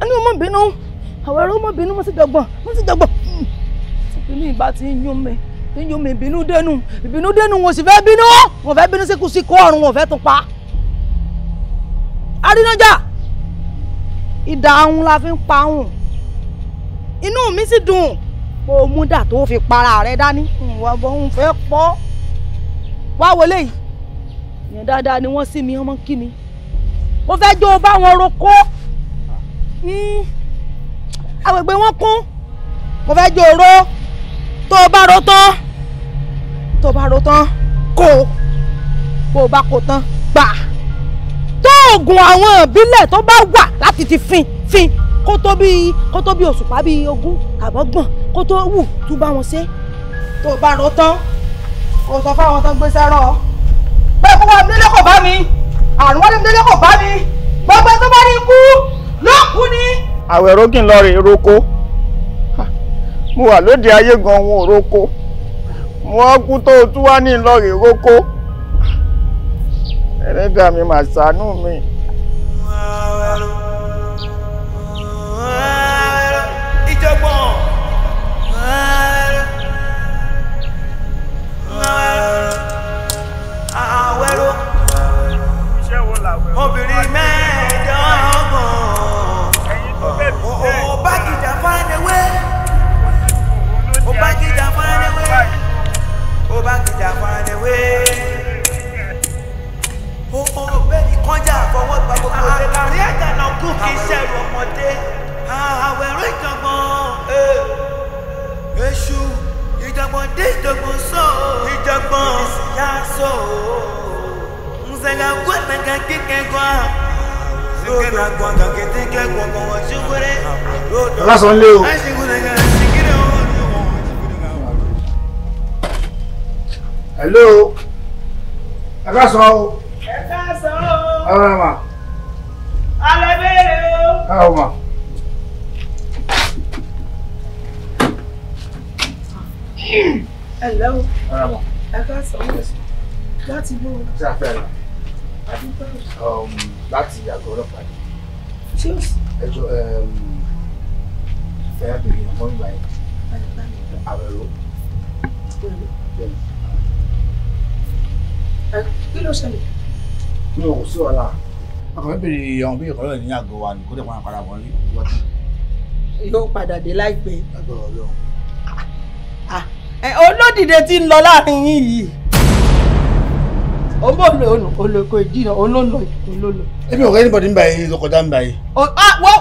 ẹni ọmọ bínú àwọn ẹ̀rọ ọmọ bínú mo sì dọ̀gbọ̀n mo sì dọ̀gbọ̀n inú ìbá ti ń yún mi ti ń yún mi ìbínú dẹnu ìbínú dẹnu wọn sì fẹ́ bínú wọn fẹ́ bínú síkú síkú ọ̀run wọn fẹ́ tún pa arínájà ìdá ahun la fi ń pa ahun inú mi sì dùn pé o mú dà tó fi para rẹ dání wọn bọ ń fẹ́ pọ́ wá wọlé yìí yẹn dáadáa ni wọ́n sí mi ọmọ kí mi mo fẹ́ jó o bá wọn roko Hmm. àgbègbè wọn kún mo fẹ́ jó oró tó o bá ro tán tó o bá ro tán kó o bó o bá kó tán gbà tó oògùn àwọn ìbílẹ̀ tó bá wà láti ti fin fin kó tó bí kó tó bí òṣùpá bí ogún àbọ̀gbọ̀n kó tó wù tó bá wọn ṣe tó o bá ro tán kó o sọ fáwọn tán gbé sẹ́rọ̀ ọ́ pé kó wá mi délé kò bá mi àrùn wá mi délé kò bá mi gbogbo tó bá ní kú ló kú ni. àwẹ̀ rogin lọ rèé roko mo wà lóde ayé gan wọn ò roko wọn kú tó o tún wá ní lọ rèé roko ẹlẹ́dàá mi mà ṣàánú mi. Wow. Oh oh, baby, for what? Ah, gbàgìjà fanẹwé ọ̀gbẹ́ni kọjá àfọwọ́gbà gbogbo ṣe ká rí ẹ̀dá náà kú kì í ṣẹ̀rù ọmọdé àwẹ̀rọ ìjàngbọ̀n èṣù ìjàngbọ̀n dé ìjàngbọ̀n sọ ìjàngbọ̀n ìsìyà sọ nsẹ̀gàgbọ́n nàgà kíkẹ́gbọ́n lóògbà gbọ̀ngàn kìtìkẹ́gbọ̀n kọ̀wọ́ ṣùgbọ́n rẹ̀ lóòdò. lásán lé o.
hello ẹ ká sọ o.
ẹ ká sọ o. ọ̀rọ̀ ẹ̀ mà. alẹ́ bèrè o. ẹ ò mà. o. ọ̀rọ̀ mà.
ẹ ká sọ o. láti bó ṣé a fẹ́ ra. adúgbò. Um, láti àgọ́ ọlọ́pàá ni. ṣé o sì. ẹ jọ um, fẹ́ẹ́ bèrè ọmọ ìgbà yẹn. àwẹ̀rọ kí ló ṣẹlẹ̀. mi ò sí ọ̀la ọkàn mi bèrè àwọn bí ìkọ́lẹ̀ ní àgọ́ wa ní kó dẹ̀ máa padà wọ́n rí wọ́tí.
yóò padà dé láìpẹ́. lágbára ọlọ́run. olódìde ti ń lọ láàrin yín yìí òun bò lo olùkọ ìdíran òun ló ń lọ òun ló ń lọ.
ebi òkè anybody ń bá yìí ló kọjá ń bá yìí. wọ́n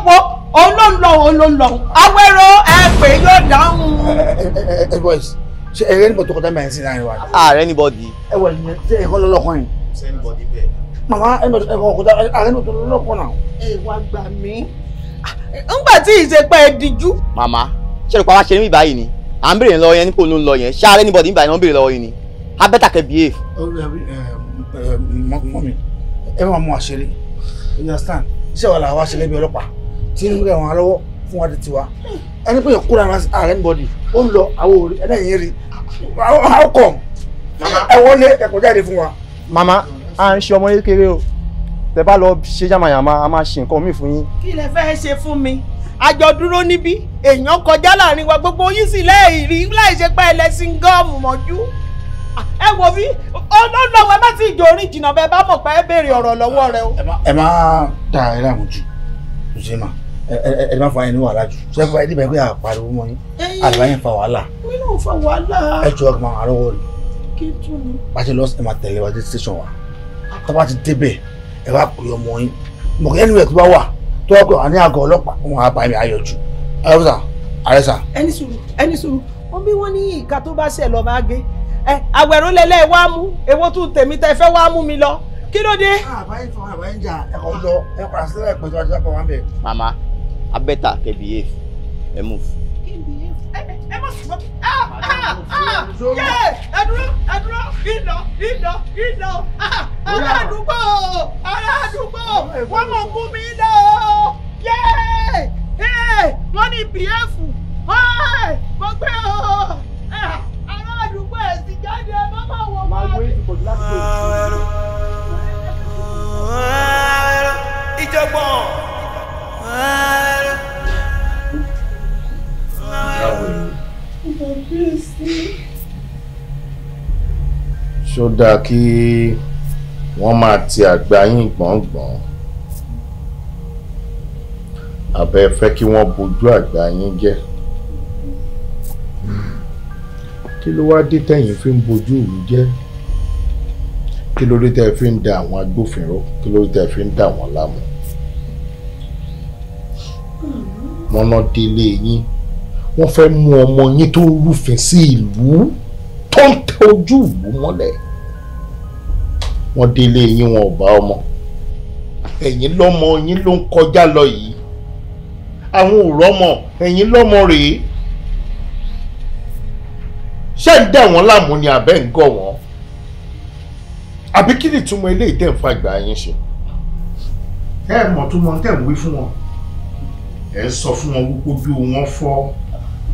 wọ́ òun ló ń lọ òun ló ń lọ awẹ́rọ ẹ pé yóò dáhùn. ẹ ẹ ẹ boys ṣe ẹ̀rẹ́ níbọ̀ tó kọjá mẹ́rin sí láàrin wa. ààrẹ níbọ̀ di. ẹ wọ ìyẹn ṣe ẹ̀kọ́ lọ́lọ́kọ́ yìí. ṣe níbọ̀ di bẹ́ẹ̀. màmá ẹ̀kọ́ kọjá ààrẹ níbọ̀ tó lọ́lọ́kọ́ náà. ẹ wá gbà mí. ńgbà ah, tí ìṣèpá ẹ dijú.
màmá ṣe ló pa wá ṣe níbi báyìí ni à ń béèrè lọ́wọ́ yẹn nípò ló ń lọ yẹn ṣé ààrẹ níbọ̀ di níbà yẹn ń béèrè lọ́wọ́ yìí ni
abẹ́ta kẹ bíyè. ẹ máa mú àṣírí understand iṣẹ́ wa làwọn aṣèlébi ọlọ́pàá tí ń rẹ̀ wọ́n lọ́wọ́ fún wa ti tiwa ẹni pé yẹn kúrò ara anybody ó ń lọ àwọn òòrì ẹ̀ náà yẹn rí how come ẹ wọlé ẹ̀kọ́ jáde fún wa. mama, à ń ṣe ọmọ kékeré o tẹ bá lọ
ṣe yàmàyàmà a máa ṣe nǹkan míì fún yín. kí lẹ fẹ́ ṣe fún mi àjọ dúró níbí èèyàn kọjá láàrin wa gbogbo yín sì lẹ́ẹ̀rí láì ṣe pé ẹlẹ́sìn gọ́ọ̀mù mọ́jú ẹ wo bí ọlọ́lọ́wọ́ ẹ má sì jò orin jìnnà bẹ́ẹ̀ bá mọ̀ pé ẹ béèrè ọ̀rọ̀ lọ́wọ́ rẹ o.
ẹ má da ẹ láàmú jù ṣe máa ẹ má fa yẹn ní wàhálà jù ṣé fún ẹdí bẹ́ẹ̀ pé àpariwo mọ́ yín àlùbá yẹn fa wàhálà.
mi náà fa wàhálà. ẹ
jọ ọkọ máa rẹ.
kí
ni.
bá a ṣe lọ sí ẹ máa tẹ̀lé wa dé station wa tó bá ti débẹ̀ ẹ wá pè ọmọ yín mọ̀ kí ẹnu rẹ̀ tó bá wà tó wá pé wà ní àgọ́ ọlọ́pàá wọn á bá mi ayọ̀ jù. ọ̀sà àrẹ́sà.
ẹni sùúrù ẹni sùúrù wọn bí wọn ní ìka tó bá ṣẹ lọ bá gbé ẹ àwẹ̀rọ lẹ́lẹ́ wá mú èwo tún tèmi tẹ fẹ́ wá mú mi lọ kí
ló dé. àbáyé fún àbáyé ń jà ẹ̀kọ́ lọ ẹ̀kọ́ àṣírí ẹ̀pẹ̀ tó wájú wá bẹ̀. màmá I abẹ́ta kẹ́ behave ẹ move.
ẹ mọ̀ sí mọ́ yé ẹ dúró ẹ dúró ìlọ ìlọ ìlọ ará àdúgbò ará àdúgbò wọ́n mọ̀ kú mi lọ yé wọ́n ní behave mo gbé o ará àdúgbò ẹ̀ sì jáde ẹ má má wọ̀ mọ́. ìjọgbọ́n. ṣó dáa kí wọ́n máa ti àgbà yín gbọ̀ngbọ̀n àbẹ́ fẹ́ kí wọ́n bojú àgbà yín jẹ́ kí ló wáá dé tẹ̀yìn fi ń bojú ìlú jẹ́ kí ló dé tẹ̀ fi ń da àwọn agbófinró kí ló dé tẹ̀ fi ń da wọ́n láàmú wọ́n délé yín wọ́n fẹ́ mú ọmọ yín tó rúfin sí ìlú tó ń tẹ ojú ìlú mọ́lẹ̀ wọ́n délé yín wọn ò bá ọmọ ẹ̀yin lọ́mọ yín ló ń kọjá lọ yìí àwọn ò rọ́mọ ẹ̀yin lọ́mọ rèé ṣé ń dẹ̀ wọ́n láàmú ni àbẹ́ ń gọ̀ wọ́n àbí kí ni túmọ̀ eléyìí tẹ̀ ń fa ìgbà yín ṣe. ẹ mọ̀ tó mọ tẹ̀ ń wí fún wọn ẹ sọ fún wọn wípé bí wọn fọ́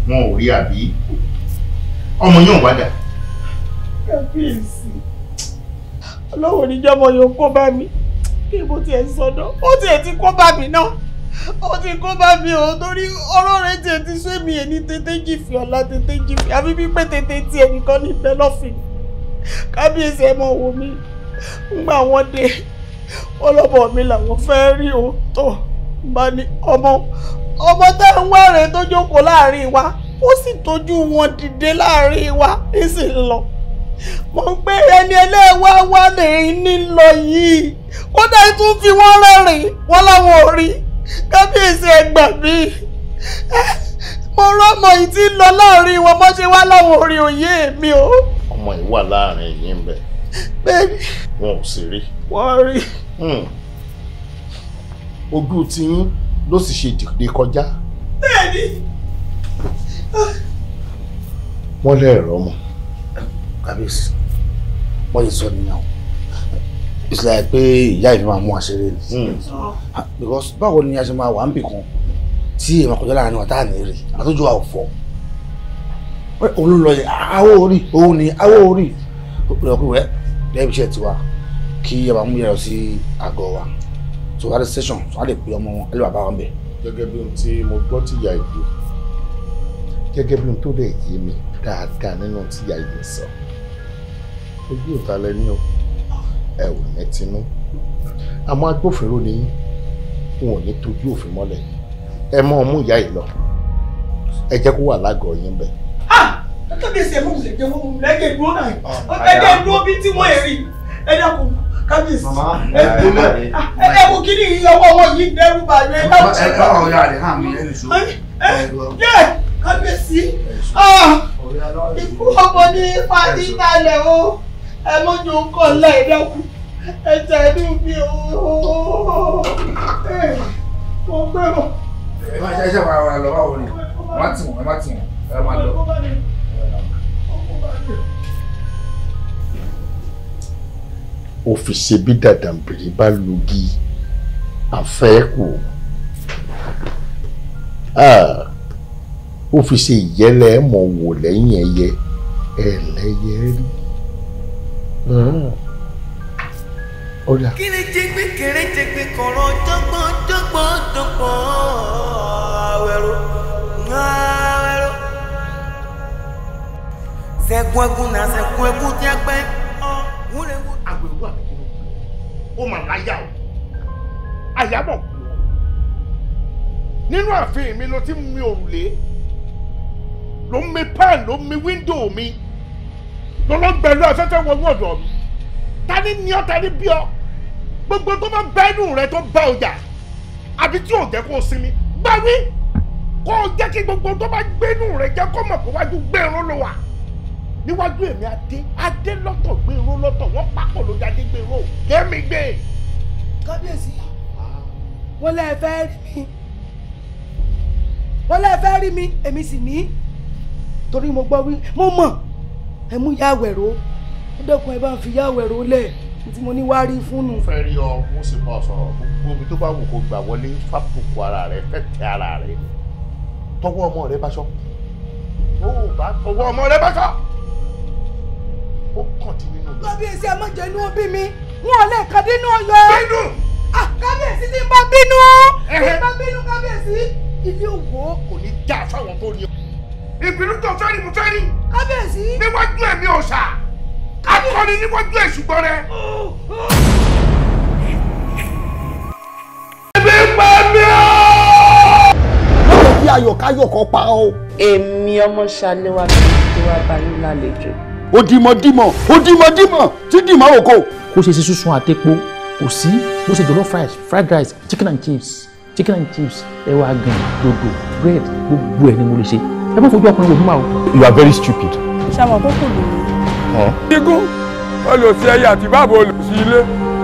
wọn ò rí àbí ọmọ yóò wá dà
kábíyèsí
ọlọ́wọ́ oníjọ́mọ yóò kó bá mi kí mo tiẹ̀ sọdọ́ ó tiẹ̀ ti kó bá mi náà ó ti kó bá mi o torí ọ̀rọ̀ rẹ̀ tiẹ̀ ti sún èmi ẹni tètè jìfì ọ̀la tètè jìfì àbí pípẹ́ tètè tiẹ̀ nìkan ní bẹ́ẹ̀ lọ́fìn kábíyèsí ẹ̀ mọ̀ wò mí ngbà wọ́n dé ọlọ́bọ̀ mi làwọn fẹ́ rí o tó bá ní ọmọ ọmọ tá ń wá rẹ̀ tó jókòó láàrin wa ó sì tọ́jú wọn dìde láàrin wa ń sì lọ mo ń pè ẹni ẹlẹ́wà wà lẹ́yìn nílọ yìí kódà tún fi wọ́n rẹ́rìn wọ́n láwọn ò rí kábíyèsí ẹgbà mi mo rọ́mọ yìí tí ń lọ láàrin wọn bó ṣe wá láwọn ò rí òye mi o. ọmọ yìí wà láàrin yìí ń bẹ. bẹ́ẹ̀ni. wọn ò sì rí. wọ́n rí. Hmm. ojú tiyín ló sì ṣe dìde kọjá. bẹ́ẹ̀ni.
wọ́n lẹ́ẹ̀rọ mọ́
kábíyèsí wọ́n ti sọ nìyẹn o it's like pé ìyá ìfẹ́ máa mú àṣírí ni hmm. because báwo ni a ṣe máa wà ń bì kan tí èèmà kọjá láàrin wọn tá à ní rí àtúntò àwọn fọ òun ló lọ yẹ awó ah, orí òun ni awó orí lọ́kùnrin rẹ̀ lẹ́yìn iṣẹ́ tiwa kí ẹ bá mú yẹrọ sí àgọ́ wa so wá lè station so wá lè pe ọmọ wọn ẹ lè bàbá wọn bẹ̀. gẹ́gẹ́ bí ohun tí mo gbọ́ tí ìyá ìdí gẹ́gẹ́ bí ohun tó lè yé mi dáadáa nínú tí ìyá ìdí sọ
ojú ìta lẹ ní o ẹ ò ní tinú àmọ́ agbófinró ni wọn ò ní tójú òfin mọ́lẹ̀ ẹ mọ́ ọmú ìyá yìí lọ ẹ jẹ́ kó wà lágọ̀ọ́ yín bẹ́ẹ̀. kábíyèsí ẹ mọ̀ wùlẹ̀ jẹ́ wọ́n wùlẹ̀ ẹ̀jẹ̀ dúró náà ah, ẹ̀jẹ̀ dúró bí tí wọ́n èrì ẹ dákun kábíyèsí ẹ dúró ẹ dákun ah, kí ni ìyọwọ́ wọn yìí dẹ́rù bà yẹn dákun. ẹ bá ọ̀rọ̀ ya rẹ̀ hàn mí
ẹ̀ nìṣó. yẹ kábíyèsí ah, ikú
ọmọ ní fàdí kalẹ̀ o ẹ mọ́jú kọ́ láìdákú ẹ tẹ̀lé mi ooo mo gbẹ́rọ. ẹ má ṣe ṣe máa
lọ báwo ni má tì wọ́n má tì wọ́n ẹ má lọ.
ó fi ṣe bí dàdàǹbìrì bá lugi
àfẹ́ kù
ó fi mọ̀ wò lẹ́yìn ẹyẹ ẹ̀lẹ́yẹ rí
ọ̀dà. Mm.
kí ni jẹgbẹ́ kéré jẹgbẹ́ kọ̀rọ̀ jọ́gbọ́n jọ́gbọ́n jọ́gbọ́n àwẹ̀rọ àwẹ̀rọ. sẹ́gun ẹ̀gún náà sẹ́gun ẹ̀gún tí a pẹ́ wúlewú. àgbèrú àbíkínú ó mà láyà o àyàbọ̀ kú ọ nínú ààfin mi ló ti mi òrùlé ló ń mi pan ló ń mi wíńdò mi lọ́lọ́ gbẹ̀lú afẹ́fẹ́ wọnú ọ̀dọ̀ mi tani ni ọ́ tani bí ọ́ gbogbo tó bá bá inú rẹ tó bá ọjà àbí tí ò jẹ́ kó o sinmi gbá wí kó o jẹ́ kí gbogbo tó bá gbé inú rẹ jẹ́ kó mọ̀ kó wájú gbẹ̀rún ló wà níwájú èmi adé adé lọ́tọ̀ gbèrò lọ́tọ̀ wọ́n papọ̀ ló jáde gbèrò kémi gbé. kábíyèsí wọn lẹ fẹ́ rí mi wọn lẹ fẹ́ rí mi èmi sì ní torí mo gbọ́ wí mo mọ̀ ẹ mú yàwẹ̀rọ ẹ dẹ́kun ẹ bá ń fi yàwẹ̀rọ lẹ̀ tí mo ní wá rí fúnnu. fẹ́
rí ọ mo sì mọ sọ̀rọ̀ gbogbo omi tó bá wù kó gbà wọlé fàbùkù ara rẹ fẹ́tẹ̀ ara rẹ tọwọ́ ọmọ rẹ bá sọ
ó bá tọwọ́ ọmọ rẹ bá sọ ó kàn ti nínú. kábíyèsí ẹ má jẹ inú òbí mi wọn ò lè kàn dínú ọyọ. bínú. Ah, kábíyèsí ti ń bá bínú. ti ń bá bínú kábíyèsí. ilé òwò kò ní já fáwọn tó ní ìbínú tó fẹ́ ni mo fẹ́ ni. kábíyèsí. níwájú ẹ̀mí òòṣà akọni níwájú ẹ̀ṣùgbọ́n rẹ.
ẹbí pa mí o. báwo bí ayọ̀káyọ̀ kan pa o.
èmi ọmọ ṣàlẹ́wà tó wá bá yín lálejò. odimọdimọ odimọdimọ tí ma, òkò. kó ṣe ṣe sísun àtẹ̀pó kò sí bó ṣe jollof rice fried rice chicken and chips chicken and chips ẹ̀wà àgàn dòdò bread gbogbo ẹ̀ ni mo lè ṣe ẹ bá fojú ọkùnrin yòókù o. you are very stupid. ṣàmọ̀ kókò lò igun olùsí ẹyẹ àti bàbá olùsí ilé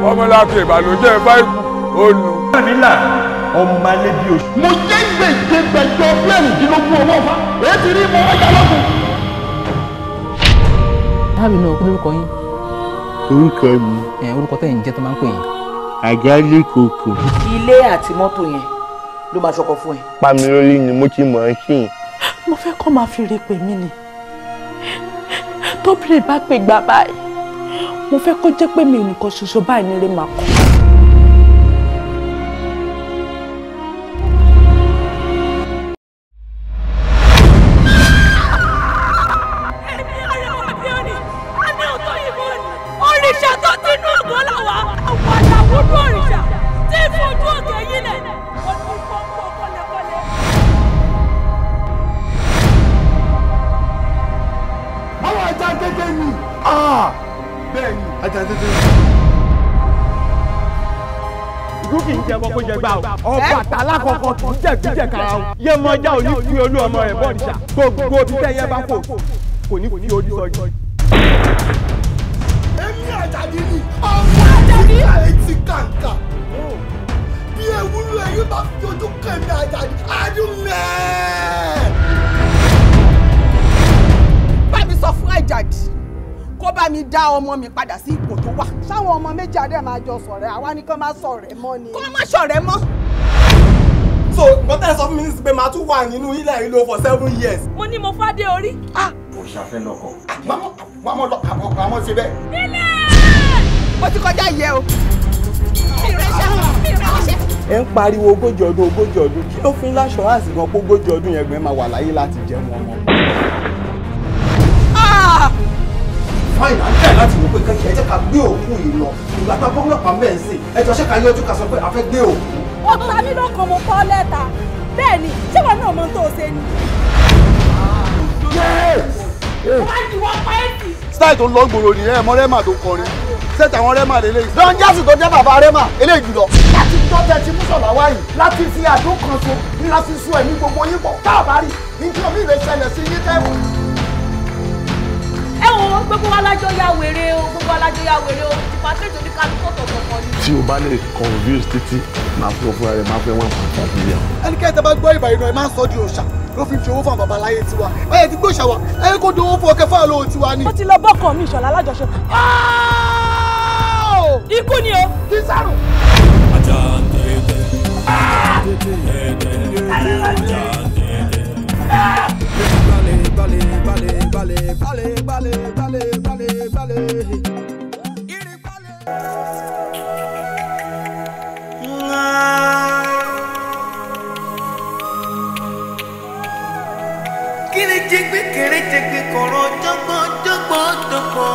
ọmọláfẹ́ ìbàlójẹ́ báyìí ònu. nílà ọmọ bí oṣù. mo jẹ́ ìgbẹ́gbẹ́jọ mẹ́rìndínlógún ọmọ ọ̀fà èyí ti rí mọ ọjà lọ́gùn. dábì náà kí lórúkọ yín. orúkọ mi. ẹ orúkọ tẹ̀yìn jẹ́ tó máa ń pè yín. àjálù kòkò. ilé àti mọ́tò yẹn ló máa ṣọkọ fún ẹ. pamiloli ni mo ti mọ̀ ọ́n sí yìí mo fẹ́ kọ́ máa fi re pè mí ni tóbìnrin bá pè gbà báyìí mo fẹ́ kó jẹ́ pé mi nìkan ṣoṣo báyìí ni màá kọ́. alákọ̀ọ́kọ́ kì í jẹ̀bíjẹ̀ kára o. Yẹ́mọ̀já ò ní fi olú ọmọ rẹ̀ bọ́ọ̀dì ṣá. Gbogbo ibi tẹ́ bá fò kò ní fi ojú sọ jù. Èmi àjàdí ni ọ̀gá àjàdí rẹ̀ kàǹkà. Bí ewúro ẹ̀yìn bá fi ojú kẹ̀mí àjàdí, àdúmẹ́. Bá sọ fún àjàdí kó bá mi dá ọmọ mi padà sí ipò tó wà. sáwọn ọmọ méjì adé máa jọ ṣọ̀rẹ́ àwa ni kán máa ṣọ̀rẹ́ mọ́ ni. kó má ṣọ̀rẹ́ mọ́ so but sọ fún mi nísìsiyìí pé màá tún wà nínú ilé yìí lò for seven years. mo ní mo fàdé orí. ah
kò ṣàfẹ́ lọ́kọ̀
mọ́mọ́ lọ àmọ́ àmọ́ ṣe bẹ́ẹ̀. nílẹ̀. mo ti kọjá yẹ o. ẹ ń pariwo ogójì ọdún ogójì ọdún kí ló fi ń láṣọ àsìkò pé ogójì ọdún yẹn gbẹ máa wà láyé láti jẹ wọn mọ. Ah! fáìn à ń tẹ̀ láti wò pé kẹ́kẹ́ ẹ jẹ́ ká gbé òkú yìí lọ ìgbà tá a bọ́ ọlọ́pàá mẹ́ẹ̀ẹ́sì ẹ jọ ṣé ká yọjú ká sọ pé a fẹ́ gbé òkú ọ̀tá mi ló kàn mọ́ kọ́ lẹ́ta bẹ́ẹ̀ ni ṣé wọn náà mọ tó o ṣe ni. style tó ń lọ gbòòrò nìyẹn ẹ̀mọ́ rẹ́mà tó kọrin sẹ́tà àwọn rẹ́mà lélẹ̀ yìí. don jásù tó jẹ́ bàbá rẹ́mà eléyìí jùlọ. láti tọ́ tẹ ti wáyé láti fi àdó kan so ní láti sún ẹ̀mí gbogbo yín pọ̀ tá ní kí omi ìrẹsẹ̀ lẹ̀ sí yín tẹ́wọ̀n o gbogbo alájọ ya wèrè o gbogbo alájọ ya wèrè o ti pàtẹ́jọ ní kálukú ọ̀tọ̀ọ̀tọ̀ ni. tí o bá lè confuse títí
máa fún ọ fúnra rẹ máa fún wọn fún ọjà ìyá.
ẹnikẹ́ni tí a bá gbọ́ ìbà ìnà ẹ máa ń sọ di òòṣà ló fi fi owó fún àbàbà láyé tiwa báyẹn ti gbóòṣà wa ẹyẹ kó dowó fún ọkẹ fáwọn olówó tiwa ni. ó ti lọ bọ́kàn mi ìṣọ̀lá alájọṣe. ikú ni o. kí sárùn.
ajá ń tètè tètè tètè ajá ń tètè
balẹ̀ balẹ̀ balẹ̀ balẹ̀ balẹ̀ balẹ̀ balẹ̀ balẹ̀. kiri jẹgbe kiri jẹgbe kọrọ jọgbọ jọgbọ jọgbọ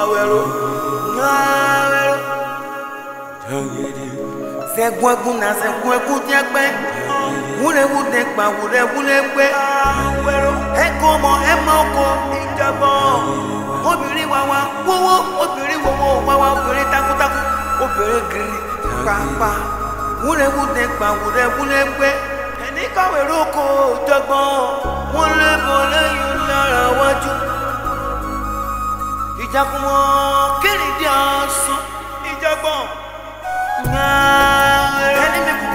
awẹrọ awẹrọ. sẹ́gun ẹkún na sẹ́gun ẹkún jẹ́pẹ́ wulewu nekpa wulewulegbe ekọmọ ẹmọkọ ìjọbọ obìnrin wawa wọwọ obìnrin wọwọ wawa obìnrin takuntakun obìnrin giri pàápàá wulewu nekpa wulewulegbe ẹnikọwé roko jọgbọn wọn lẹbọ lẹ́yìn lára wájú ìjàkùmọ kiri di ọsán ìjọgbọn
ẹni mi kú.